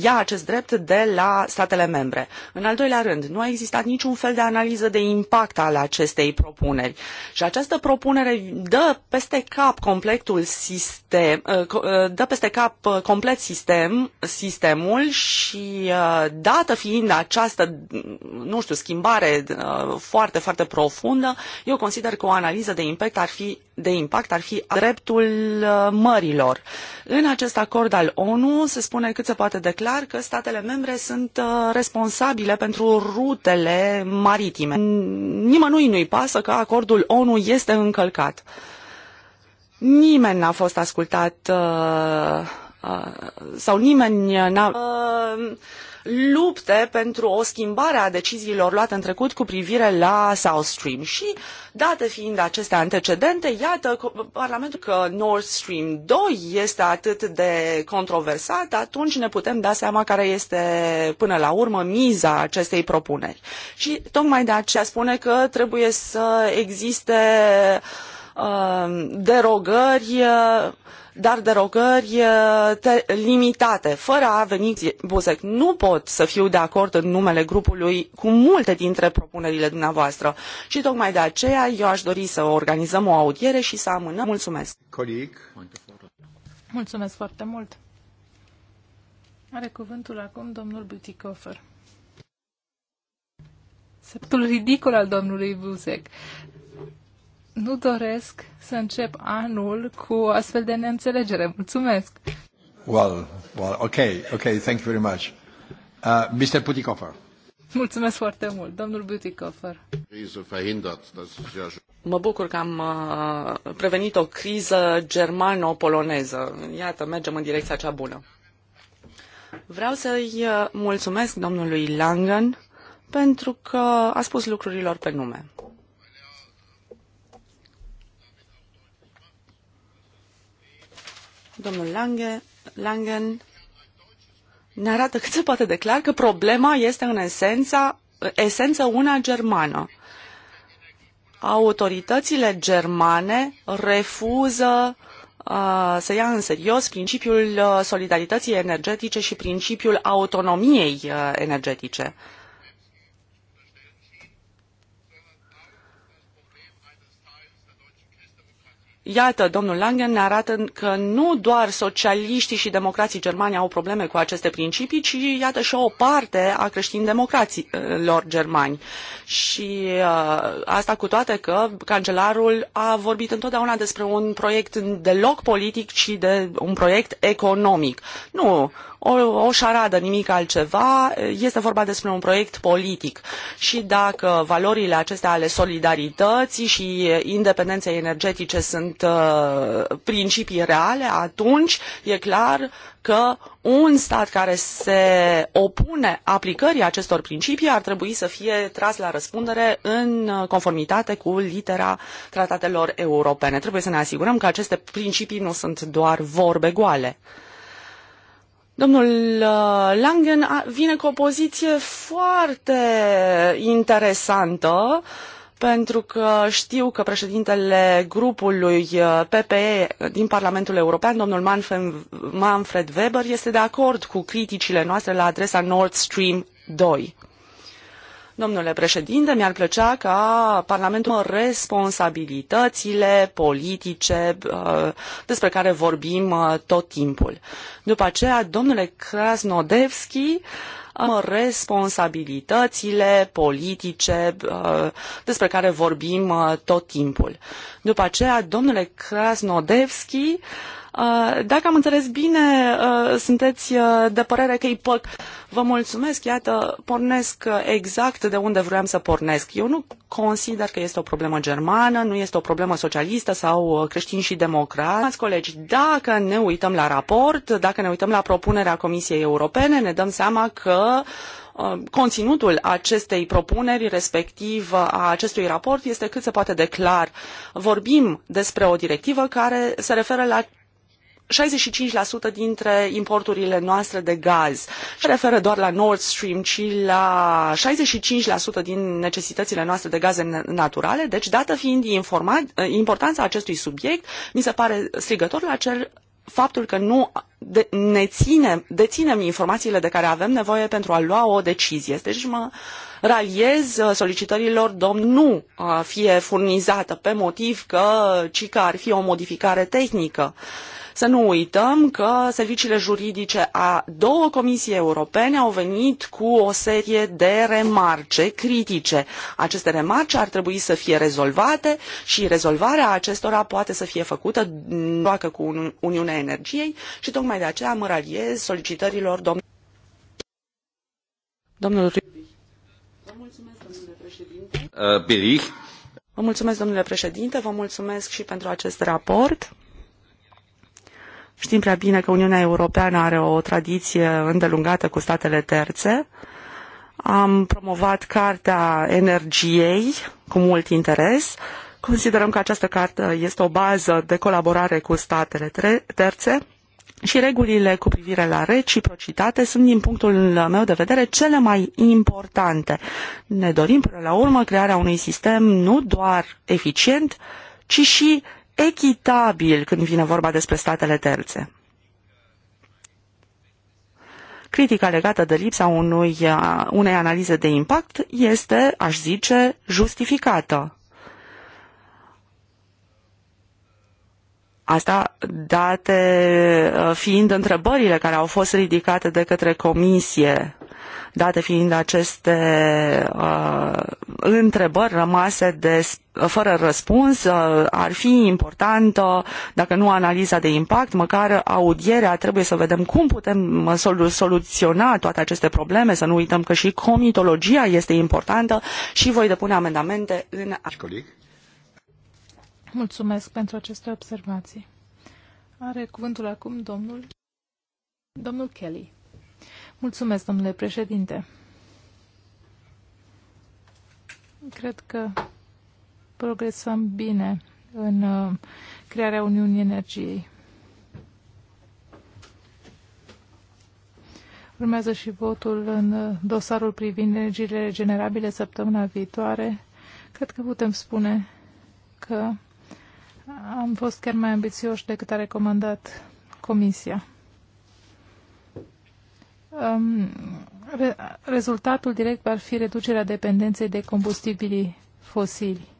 ia acest drept de la statele membre. În al doilea rând, nu a existat niciun fel de analiză de impact al acestei propuneri și această propunere dă peste cap completul sistem, uh, uh, dă peste cap uh, complet sistem, sistemul și dată fiind această, nu știu, schimbare foarte, foarte profundă, eu consider că o analiză de impact ar fi, de impact ar fi dreptul mărilor. În acest acord al ONU se spune cât se poate de clar că statele membre sunt uh, responsabile pentru rutele maritime. Nimănui nu-i pasă că acordul ONU este încălcat. Nimeni n-a fost ascultat uh, uh, sau nimeni n-a lupte pentru o schimbare a deciziilor luate în trecut cu privire la South Stream. Și, date fiind aceste antecedente, iată, Parlamentul că Nord Stream 2 este atât de controversat, atunci ne putem da seama care este, până la urmă, miza acestei propuneri. Și tocmai de aceea spune că trebuie să existe uh, derogări uh, dar derogări limitate, fără a veni Buzek. Nu pot să fiu de acord în numele grupului cu multe dintre propunerile dumneavoastră și tocmai de aceea eu aș dori să organizăm o audiere și să amânăm. Mulțumesc! Colic. Mulțumesc foarte mult! Are cuvântul acum domnul Butikofer. Septul ridicol al domnului Buzek nu doresc să încep anul cu astfel de neînțelegere. Mulțumesc. Well, well, okay, okay, thank you very much. Uh, Mr. Putikofer. Mulțumesc foarte mult, domnul Butikofer. Mă bucur că am uh, prevenit o criză germano-poloneză. Iată, mergem în direcția cea bună. Vreau să-i uh, mulțumesc domnului Langen pentru că a spus lucrurilor pe nume. Domnul Lange, Langen ne arată cât se poate de clar că problema este în esența, esență una germană. Autoritățile germane refuză uh, să ia în serios principiul uh, solidarității energetice și principiul autonomiei uh, energetice. Uh, Iată, domnul Langen ne arată că nu doar socialiștii și democrații germani au probleme cu aceste principii, ci iată și o parte a creștin-democraților germani. Și uh, asta cu toate că cancelarul a vorbit întotdeauna despre un proiect deloc politic, ci de un proiect economic. Nu o, o șaradă, nimic altceva. Este vorba despre un proiect politic și dacă valorile acestea ale solidarității și independenței energetice sunt uh, principii reale, atunci e clar că un stat care se opune aplicării acestor principii ar trebui să fie tras la răspundere în conformitate cu litera tratatelor europene. Trebuie să ne asigurăm că aceste principii nu sunt doar vorbe goale. Domnul uh, Langen vine cu o poziție foarte interesantă pentru că știu că președintele grupului uh, PPE din Parlamentul European, domnul Manfred Weber, este de acord cu criticile noastre la adresa Nord Stream 2. Domnule președinte, mi-ar plăcea ca Parlamentul responsabilitățile politice uh, despre care vorbim uh, tot timpul. După aceea, domnule Krasnodevski, responsabilitățile politice uh, despre care vorbim tot timpul. După aceea, domnule Krasnodevski, Uh, dacă am înțeles bine, uh, sunteți uh, de părere că îi pot. Vă mulțumesc, iată, pornesc exact de unde vreau să pornesc. Eu nu consider că este o problemă germană, nu este o problemă socialistă sau creștin și democrat. colegi, dacă ne uităm la raport, dacă ne uităm la propunerea Comisiei Europene, ne dăm seama că conținutul acestei propuneri, respectiv a acestui raport, este cât se poate de clar. Vorbim despre o directivă care se referă la 65% dintre importurile noastre de gaz. se referă doar la Nord Stream, ci la 65% din necesitățile noastre de gaze naturale. Deci, dată fiind importanța acestui subiect, mi se pare strigător la cel faptul că nu de, ne ținem, deținem informațiile de care avem nevoie pentru a lua o decizie. Deci mă raliez uh, solicitărilor domn nu uh, fie furnizată pe motiv că ci că ar fi o modificare tehnică. Uh, să nu uităm că serviciile juridice a două comisii europene au venit cu o serie de remarce critice. Aceste remarce ar trebui să fie rezolvate și rezolvarea acestora poate să fie făcută doar cu Uniunea Energiei și tocmai de aceea mă raliez solicitărilor domnului. Domnul uh, Vă mulțumesc, domnule președinte, vă mulțumesc și pentru acest raport. Știm prea bine că Uniunea Europeană are o tradiție îndelungată cu statele terțe. Am promovat Cartea Energiei cu mult interes. Considerăm că această carte este o bază de colaborare cu statele terțe și regulile cu privire la reciprocitate sunt, din punctul meu de vedere, cele mai importante. Ne dorim, până la urmă, crearea unui sistem nu doar eficient, ci și echitabil când vine vorba despre statele terțe. Critica legată de lipsa unui, uh, unei analize de impact este, aș zice, justificată. Asta date uh, fiind întrebările care au fost ridicate de către comisie date fiind aceste uh, întrebări rămase de, fără răspuns, uh, ar fi importantă, dacă nu analiza de impact, măcar audierea, trebuie să vedem cum putem uh, sol- soluționa toate aceste probleme, să nu uităm că și comitologia este importantă și voi depune amendamente în... Mulțumesc pentru aceste observații. Are cuvântul acum domnul, domnul Kelly. Mulțumesc, domnule președinte. Cred că progresăm bine în uh, crearea Uniunii Energiei. Urmează și votul în uh, dosarul privind energiile regenerabile săptămâna viitoare. Cred că putem spune că am fost chiar mai ambițioși decât a recomandat Comisia um, re, rezultatul direct ar fi reducerea dependenței de combustibilii fosili.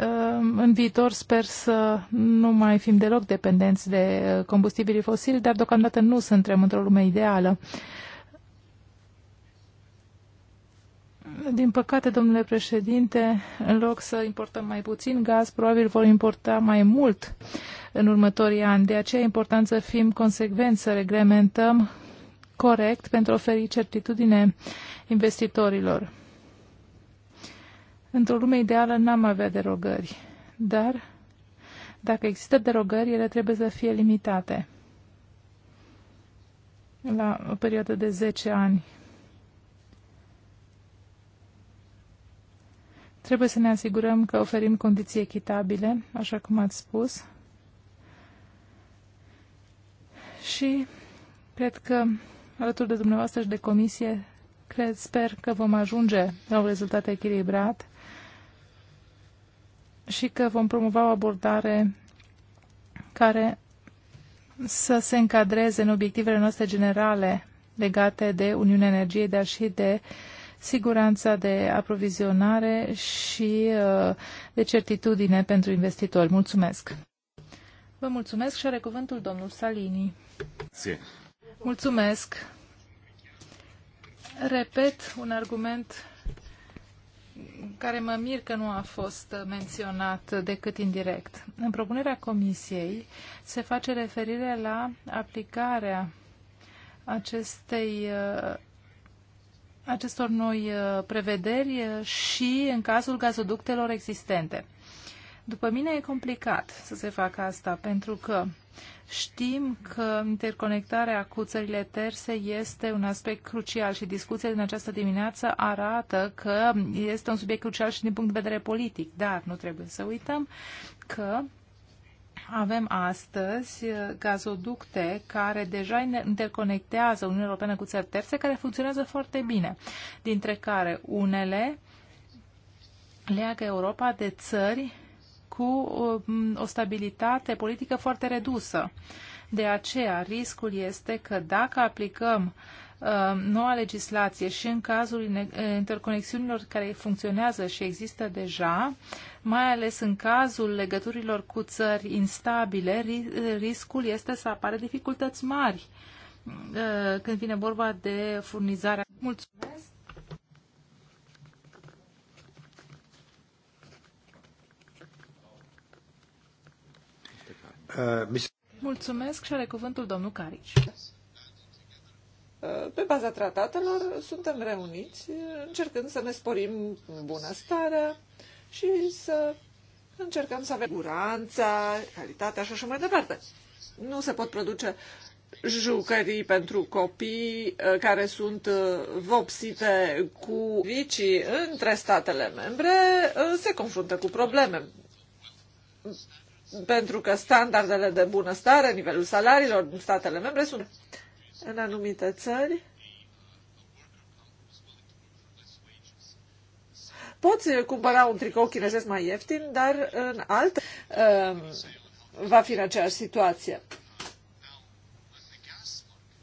Um, în viitor sper să nu mai fim deloc dependenți de combustibilii fosili, dar deocamdată nu suntem într-o lume ideală. Din păcate, domnule președinte, în loc să importăm mai puțin gaz, probabil vor importa mai mult în următorii ani. De aceea e important să fim consecvenți, să reglementăm corect pentru a oferi certitudine investitorilor. Într-o lume ideală n-am avea derogări, dar dacă există derogări, ele trebuie să fie limitate la o perioadă de 10 ani Trebuie să ne asigurăm că oferim condiții echitabile, așa cum ați spus. Și cred că alături de dumneavoastră și de comisie, cred, sper că vom ajunge la un rezultat echilibrat și că vom promova o abordare care să se încadreze în obiectivele noastre generale legate de Uniunea Energiei, dar și de uh, siguranța de aprovizionare și uh, de certitudine pentru investitori. Mulțumesc! Vă mulțumesc și are cuvântul domnul Salini. Si. Mulțumesc! Repet un argument care mă mir că nu a fost menționat decât indirect. În propunerea comisiei se face referire la aplicarea acestei uh, acestor noi uh, prevederi uh, și în cazul gazoductelor existente. După mine e complicat să se facă asta, pentru că știm că interconectarea cu țările terse este un aspect crucial și discuția din această dimineață arată că este un subiect crucial și din punct de vedere politic, dar nu trebuie să uităm că avem astăzi uh, gazoducte care deja interconectează Uniunea Europeană cu țări terțe, care funcționează foarte bine, dintre care unele leagă Europa de țări cu um, o stabilitate politică foarte redusă. De aceea, riscul este că dacă aplicăm uh, Uh, noua legislație și în cazul interconexiunilor care funcționează și există deja, mai ales în cazul legăturilor cu țări instabile, riscul este să apară dificultăți mari uh, când vine vorba de furnizarea. Mulțumesc! Uh, Mulțumesc și are cuvântul domnul Carici. Pe baza tratatelor suntem reuniți încercând să ne sporim bunăstarea și să încercăm să avem siguranța, calitatea și așa mai departe. Nu se pot produce jucării pentru copii uh, care sunt uh, vopsite cu vicii între statele membre uh, se confruntă cu probleme. Pentru că standardele de bunăstare, nivelul salariilor din statele membre sunt în anumite țări poți cumpăra un tricou chinezesc mai ieftin, dar în uh, va fi în aceeași situație.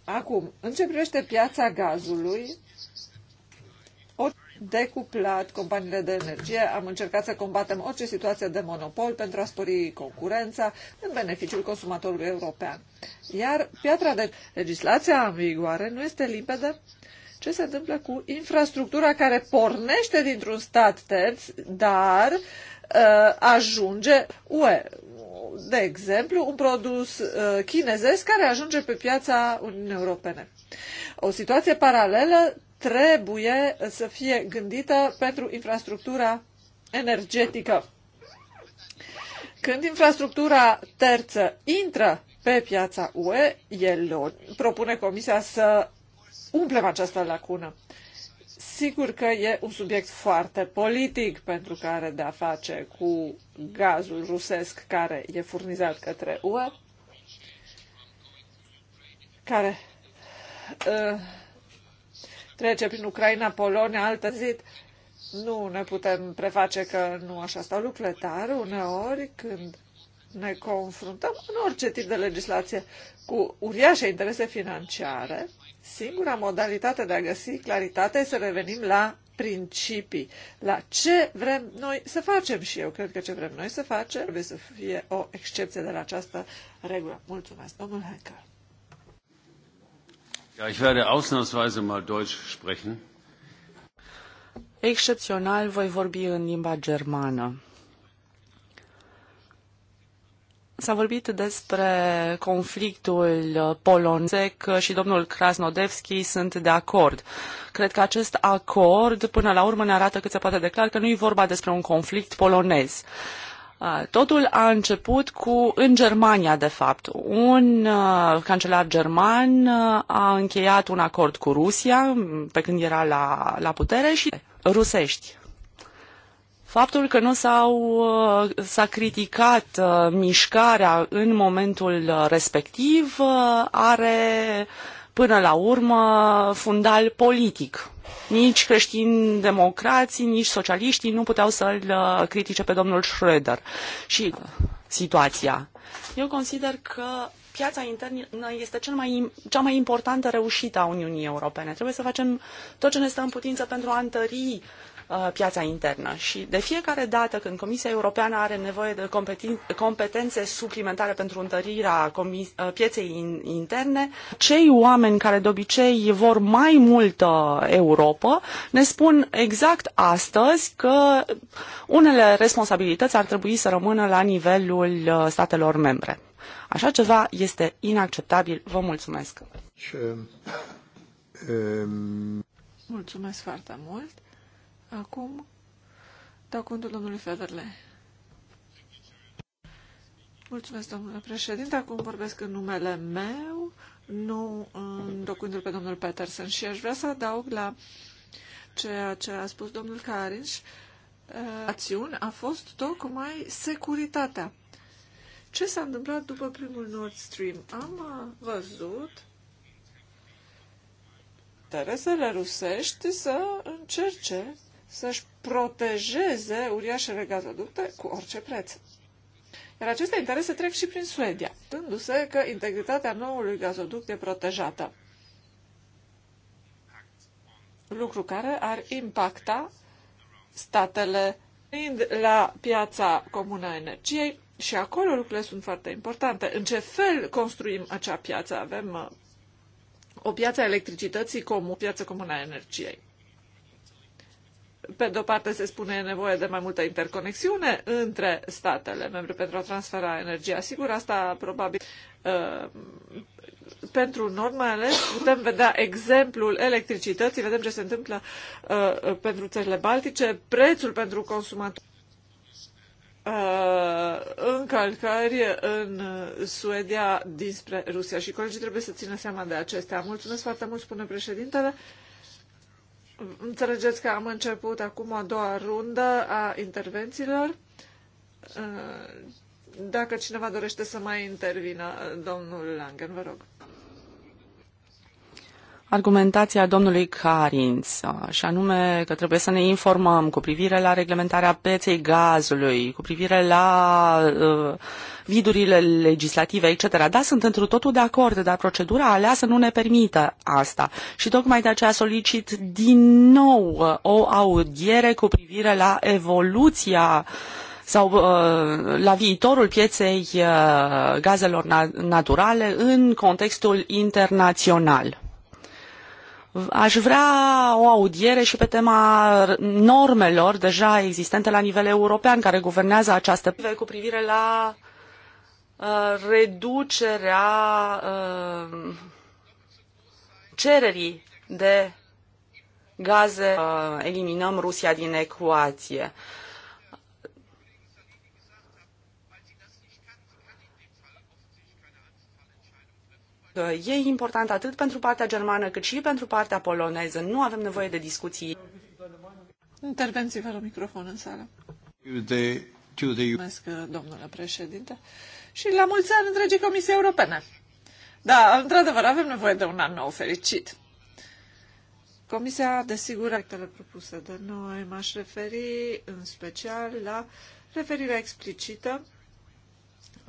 Acum, în ce privește piața gazului, decuplat companiile de energie, am încercat să combatem orice situație de monopol pentru a spori concurența în beneficiul consumatorului european. Iar piatra de legislația în vigoare nu este limpede ce se întâmplă cu infrastructura care pornește dintr-un stat terț, dar uh, ajunge UE. De exemplu, un produs uh, chinezesc care ajunge pe piața Uniunii Europene. O situație paralelă trebuie să fie gândită pentru infrastructura energetică. Când infrastructura terță intră pe piața UE, el propune Comisia să umplem această lacună. Sigur că e un subiect foarte politic pentru care de-a face cu gazul rusesc care e furnizat către UE, care uh, trece prin Ucraina, Polonia, altă zi. Nu ne putem preface că nu așa stau lucrurile, dar uneori când ne confruntăm în orice tip de legislație cu uriașe interese financiare, singura modalitate de a găsi claritate este să revenim la principii, la ce vrem noi să facem și eu cred că ce vrem noi să facem trebuie să fie o excepție de la această regulă. Mulțumesc, domnul Henkel ich werde ausnahmsweise mal Deutsch sprechen. Excepțional voi vorbi în limba germană. S-a vorbit despre conflictul uh, polonez uh, și domnul Krasnodevski sunt de acord. Cred că acest acord, până la urmă, ne arată cât se poate declar că nu e vorba despre un conflict polonez. Totul a început cu, în Germania, de fapt, un uh, cancelar german uh, a încheiat un acord cu Rusia pe când era la, la putere și rusești. Faptul că nu s-au, uh, s-a criticat uh, mișcarea în momentul uh, respectiv uh, are până la urmă, fundal politic. Nici creștini democrații, nici socialiștii nu puteau să-l uh, critique pe domnul Schröder. Și situația. Eu consider că piața internă este cel mai, cea mai importantă reușită a Uniunii Europene. Trebuie să facem tot ce ne stă în putință pentru a întări Uh, piața internă. Și de fiecare dată când Comisia Europeană are nevoie de competențe suplimentare pentru întărirea uh, pieței interne, cei oameni care de obicei vor mai multă Europa ne spun exact astăzi că unele responsabilități ar trebui să rămână la nivelul uh, statelor membre. Așa ceva este inacceptabil. Vă mulțumesc! Um, um, mulțumesc foarte mult! Acum dau cuvântul domnului Federle. Mulțumesc, domnule președinte. Acum vorbesc în numele meu, nu în l pe domnul Peterson. Și aș vrea să adaug la ceea ce a spus domnul Carinș, eh, acțiune a fost tocmai securitatea. Ce s-a întâmplat după primul Nord Stream? Am văzut interesele rusești să încerce să-și protejeze uriașele gazoducte cu orice preț. Iar aceste interese trec și prin Suedia, dându-se că integritatea noului gazoduct e protejată. Lucru care ar impacta statele la piața comună a energiei și acolo lucrurile sunt foarte importante. În ce fel construim acea piață? Avem uh, o piață a electricității comună, piață comună a energiei. Pe de o parte se spune e nevoie de mai multă interconexiune între statele membre pentru a transfera energia. Sigur, asta probabil uh, pentru nord mai ales putem vedea exemplul electricității, vedem ce se întâmplă uh, pentru țările baltice, prețul pentru consumator uh, încălcări în Suedia dinspre Rusia și colegii trebuie să țină seama de acestea. Mulțumesc foarte mult, spune președintele. Înțelegeți că am început acum a doua rundă a intervențiilor. Uh, dacă cineva dorește să mai intervină, domnul Langen, vă rog argumentația domnului Carins, și anume că trebuie să ne informăm cu privire la reglementarea pieței gazului, cu privire la uh, vidurile legislative, etc. Da, sunt într totul de acord, dar procedura aleasă nu ne permită asta. Și tocmai de aceea solicit din nou o audiere cu privire la evoluția sau uh, la viitorul pieței uh, gazelor na naturale în contextul internațional. Aș vrea o audiere și pe tema normelor deja existente la nivel european care guvernează această cu privire la uh, reducerea uh, cererii de gaze. Uh, eliminăm Rusia din ecuație. Uh, E important atât pentru partea germană cât și pentru partea poloneză. Nu avem nevoie de discuții. Intervenții fără microfon în sală. Mulțumesc, domnule președinte. Și la mulți ani întregii Comisii Europene. Da, într-adevăr, avem nevoie de un an nou fericit. Comisia, desigur, actele propuse de noi, m-aș referi în special la referirea explicită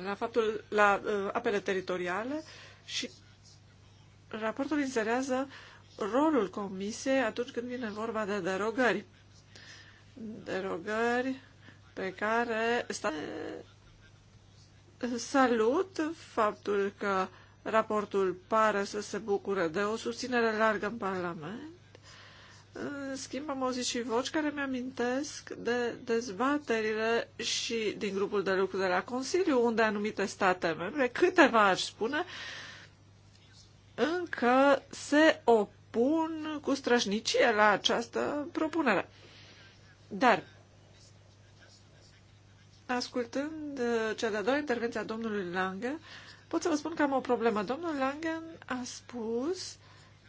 la faptul la uh, apele teritoriale și raportul inserează rolul comisiei atunci când vine vorba de derogări. Derogări pe care salut faptul că raportul pare să se bucure de o susținere largă în Parlament. În schimb, am auzit și voci care mi-amintesc de dezbaterile și din grupul de lucru de la Consiliu, unde anumite state membre, câteva aș spune, că se opun cu strășnicie la această propunere. Dar, ascultând uh, cea de-a doua intervenție a domnului Lange, pot să vă spun că am o problemă. Domnul Lange a spus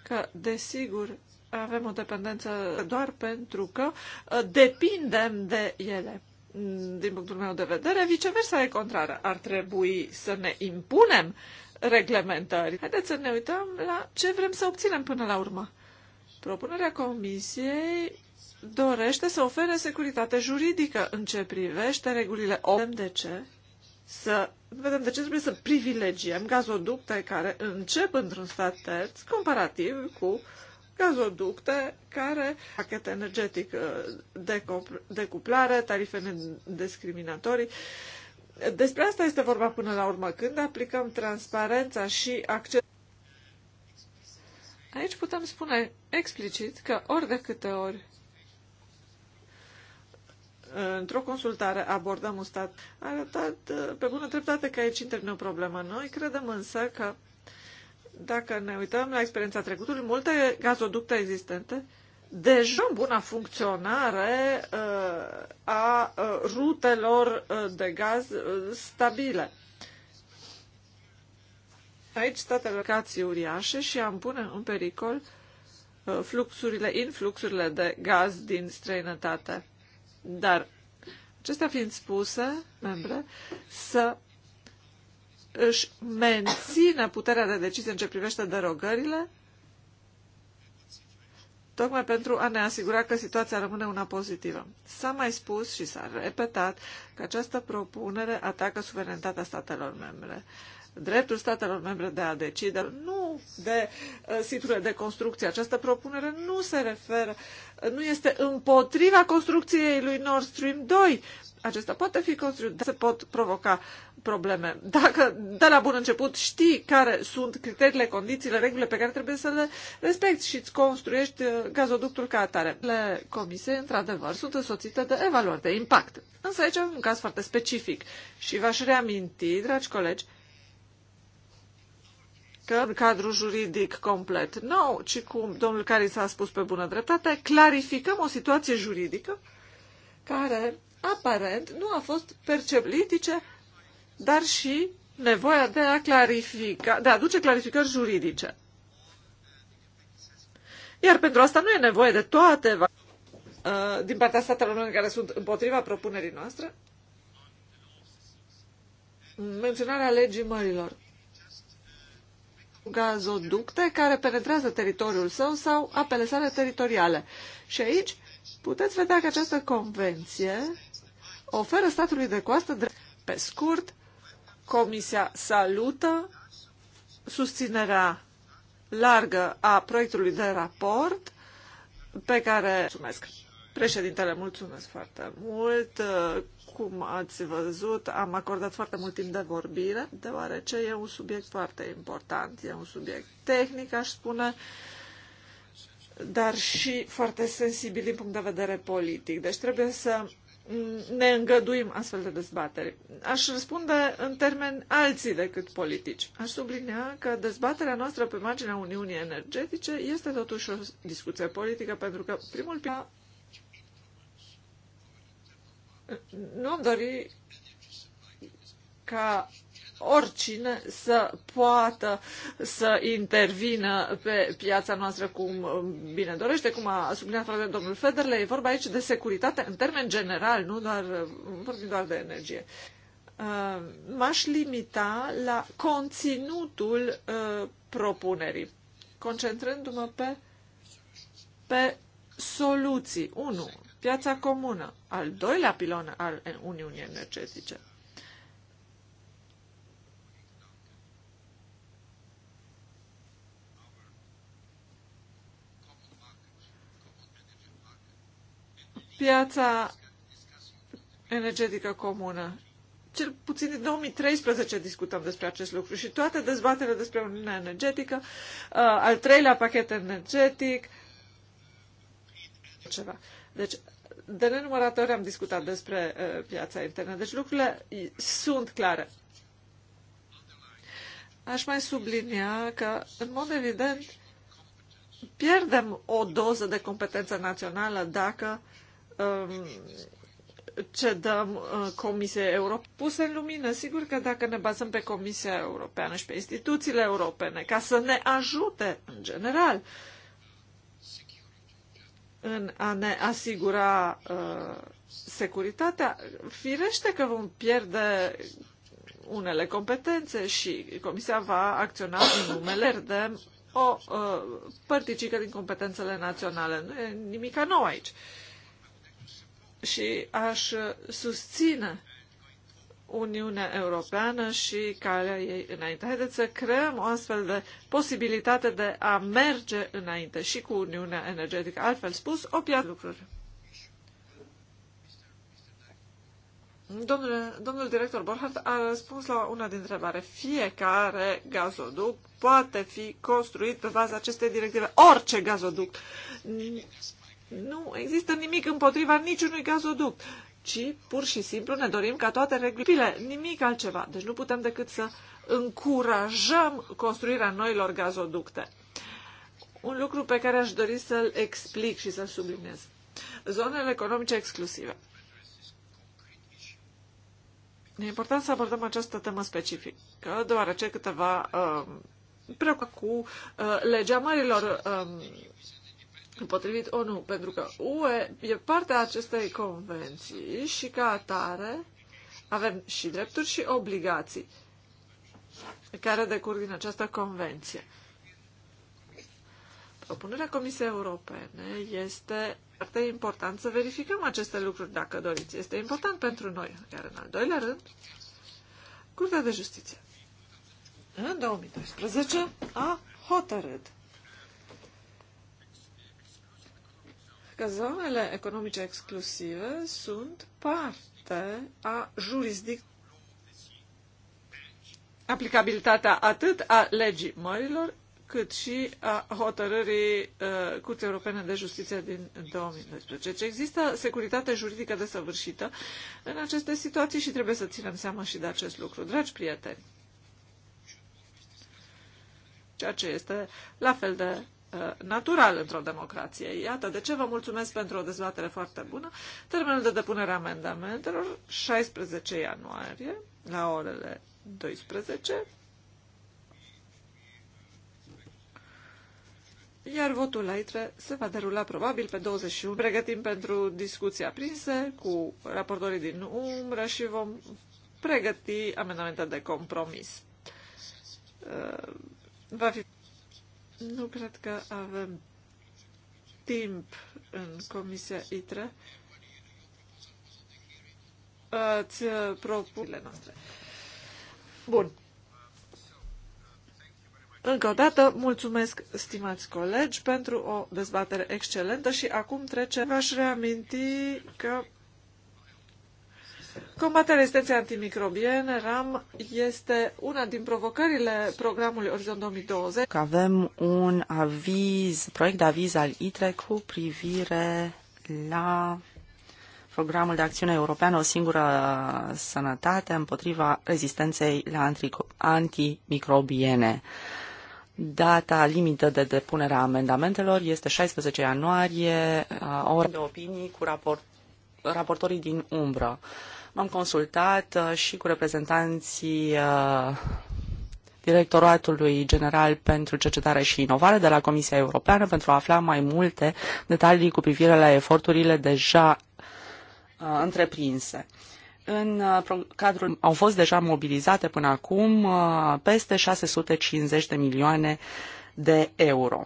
că, desigur, avem o dependență doar pentru că uh, depindem de ele. Mm, din punctul meu de vedere, viceversa e contrară. Ar trebui să ne impunem reglementări. Haideți să ne uităm la ce vrem să obținem până la urmă. Propunerea Comisiei dorește să ofere securitate juridică în ce privește regulile OMDC. De ce? Să vedem de ce trebuie să privilegiem gazoducte care încep într-un stat terț comparativ cu gazoducte care pachet energetic uh, decuplare, tarife nediscriminatorii. Despre asta este vorba până la urmă. Când aplicăm transparența și acces. Aici putem spune explicit că ori de câte ori într-o consultare abordăm un stat, arătat pe bună dreptate că aici intervine o problemă. Noi credem însă că dacă ne uităm la experiența trecutului, multe gazoducte existente deja buna funcționare uh, a uh, rutelor uh, de gaz stabile. Aici statele cații uriașe și am pune în pericol fluxurile, influxurile de gaz din străinătate. Dar, acestea fiind spuse, membre, să își mențină puterea de decizie în ce privește derogările tocmai pentru a ne asigura că situația rămâne una pozitivă. S-a mai spus și s-a repetat că această propunere atacă suverenitatea statelor membre dreptul statelor membre de a decide, nu de uh, siturile de construcție. Această propunere nu se referă, nu este împotriva construcției lui Nord Stream 2, acesta poate fi construit, dar se pot provoca probleme. Dacă de la bun început știi care sunt criteriile, condițiile, regulile pe care trebuie să le respecti și îți construiești uh, gazoductul ca atare. Le comise, într-adevăr, sunt însoțite de evaluări de impact. Însă aici avem un caz foarte specific și v-aș reaminti, dragi colegi, că în cadrul juridic complet nou, ci cum domnul Caris a spus pe bună dreptate, clarificăm o situație juridică care aparent nu a fost perceplitice, dar și nevoia de a, clarifica, de a aduce clarificări juridice. Iar pentru asta nu e nevoie de toate uh, din partea statelor în care sunt împotriva propunerii noastre. Menționarea legii mărilor. Gazoducte care penetrează teritoriul său sau apele sale teritoriale. Și aici puteți vedea că această convenție oferă statului de coastă drept. Pe scurt, Comisia salută susținerea largă a proiectului de raport pe care mulțumesc. Președintele, mulțumesc foarte mult. Cum ați văzut, am acordat foarte mult timp de vorbire, deoarece e un subiect foarte important, e un subiect tehnic, aș spune, dar și foarte sensibil din punct de vedere politic. Deci trebuie să ne îngăduim astfel de dezbateri. Aș răspunde în termeni alții decât politici. Aș sublinea că dezbaterea noastră pe marginea Uniunii Energetice este totuși o discuție politică, pentru că primul pia nu am dori ca oricine să poată să intervină pe piața noastră cum bine dorește, cum a subliniat frate domnul Federle. E vorba aici de securitate în termen general, nu doar, vorbim doar de energie. Uh, m-aș limita la conținutul uh, propunerii, concentrându-mă pe, pe soluții. unu, Piața comună, al doilea pilon al Uniunii Energetice piața energetică comună. Cel puțin din 2013 discutăm despre acest lucru și toate dezbaterile despre Uniunea Energetică, uh, al treilea pachet energetic, ceva. Deci, de nenumărate ori am discutat despre uh, piața internă. Deci lucrurile sunt clare. Aș mai sublinia că, în mod evident, pierdem o doză de competență națională dacă uh, Um, cedăm uh, Comisiei Europene. Puse în lumină, sigur că dacă ne bazăm pe Comisia Europeană și pe instituțiile europene, ca să ne ajute în general în a ne asigura uh, securitatea, firește că vom pierde unele competențe și Comisia va acționa în numele de o uh, părticică din competențele naționale. Nu e nimica nou aici. Uh, și aș susține Uniunea Europeană și calea ei înainte. Haideți să creăm o astfel de posibilitate de a merge înainte și cu Uniunea Energetică. Altfel spus, o piață lucruri. Domnule, domnul director Borhardt a răspuns la una dintre întrebare. Fiecare gazoduct poate fi construit pe baza acestei directive. Orice gazoduct. Nu există nimic împotriva niciunui gazoduct, ci pur și simplu ne dorim ca toate regulile, nimic altceva. Deci nu putem decât să încurajăm construirea noilor gazoducte. Un lucru pe care aș dori să-l explic și să-l subliniez. Zonele economice exclusive. E important să abordăm această temă specifică, deoarece câteva uh, preocupă cu uh, legea mărilor uh, potrivit ONU, pentru că UE e partea acestei convenții și ca atare avem și drepturi și obligații care decurg din această convenție. Propunerea Comisiei Europene este foarte important să verificăm aceste lucruri dacă doriți. Este important pentru noi. Iar în al doilea rând, Curtea de Justiție. În 2012 a hotărât că zonele economice exclusive sunt parte a jurisdicției aplicabilitatea atât a legii mărilor, cât și a hotărârii uh, Curții Europene de Justiție din 2012. Deci există securitate juridică desăvârșită în aceste situații și trebuie să ținem seama și de acest lucru. Dragi prieteni, ceea ce este la fel de Uh, natural într-o democrație. Iată de ce vă mulțumesc pentru o dezbatere foarte bună. Termenul de depunere a amendamentelor 16 ianuarie la orele 12. Iar votul la ITRE se va derula probabil pe 21. Pregătim pentru discuții aprinse cu raportorii din umbră și vom pregăti amendamente de compromis. Uh, va fi nu cred că avem timp în Comisia ITRE. Ați uh, propunerile noastre. Bun. Încă o dată, mulțumesc, stimați colegi, pentru o dezbatere excelentă și acum trece. V-aș reaminti că Combaterea rezistenței antimicrobiene, RAM, este una din provocările programului Orizont 2020. avem un aviz, proiect de aviz al ITRE cu privire la programul de acțiune europeană O singură sănătate împotriva rezistenței la antimicrobiene. Data limită de depunere a amendamentelor este 16 ianuarie, uh, ora de opinii cu raport, raportorii din umbră. M-am consultat uh, și cu reprezentanții uh, Directoratului General pentru Cercetare și Inovare de la Comisia Europeană pentru a afla mai multe detalii cu privire la eforturile deja uh, întreprinse. În cadrul au fost deja mobilizate până acum peste 650 de milioane de euro.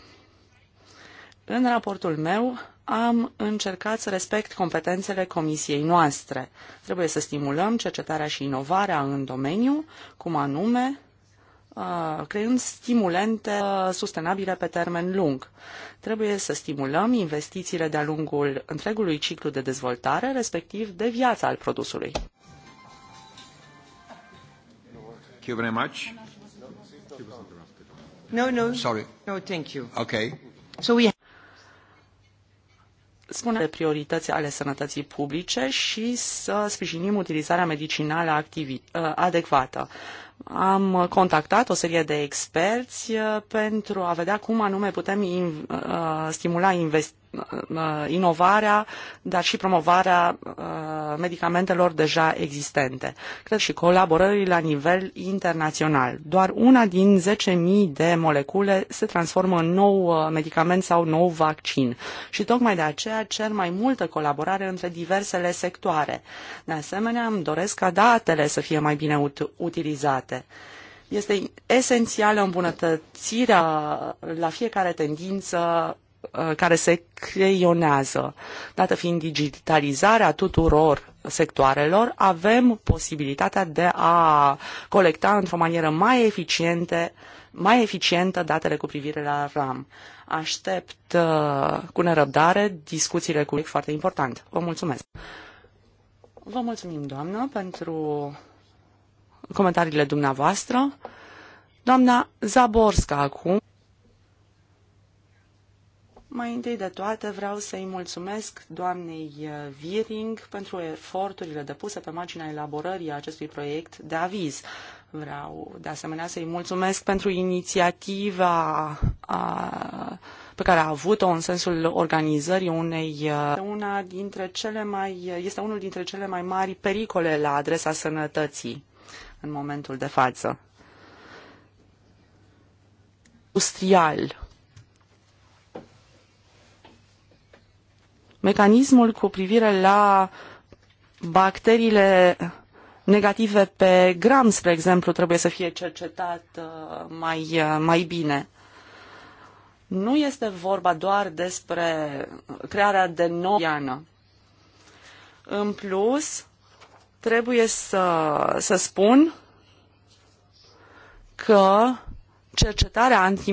În raportul meu am încercat să respect competențele comisiei noastre. Trebuie să stimulăm cercetarea și inovarea în domeniu, cum anume, uh, creând stimulente uh, sustenabile pe termen lung. Trebuie să stimulăm investițiile de-a lungul întregului ciclu de dezvoltare, respectiv de viață al produsului. Thank you very much. No, no. Sorry. No, thank you. Okay. So we spune priorități ale sănătății publice și să sprijinim utilizarea medicinală uh, adecvată. Am contactat o serie de experți uh, pentru a vedea cum anume putem uh, stimula investi Uh, inovarea, dar și promovarea uh, medicamentelor deja existente. Cred și colaborării la nivel internațional. Doar una din 10.000 de molecule se transformă în nou uh, medicament sau nou vaccin. Și tocmai de aceea cer mai multă colaborare între diversele sectoare. De asemenea, îmi doresc ca datele să fie mai bine ut utilizate este esențială îmbunătățirea la fiecare tendință Uh, care se creionează. Dată fiind digitalizarea tuturor sectoarelor, avem posibilitatea de a colecta într-o manieră mai eficientă, mai eficientă datele cu privire la RAM. Aștept uh, cu nerăbdare discuțiile cu foarte important. Vă mulțumesc! Vă mulțumim, doamnă, pentru comentariile dumneavoastră. Doamna Zaborska acum. Mai întâi de toate vreau să-i mulțumesc doamnei uh, Viring pentru eforturile depuse pe marginea elaborării acestui proiect de aviz. Vreau de asemenea să-i mulțumesc pentru inițiativa a, pe care a avut-o în sensul organizării unei uh, una dintre cele mai, este unul dintre cele mai mari pericole la adresa sănătății în momentul de față. Industrial mecanismul cu privire la bacteriile negative pe gram, spre exemplu, trebuie să fie cercetat uh, mai, uh, mai bine. Nu este vorba doar despre crearea de noi iană. În plus, trebuie să, să spun că cercetarea anti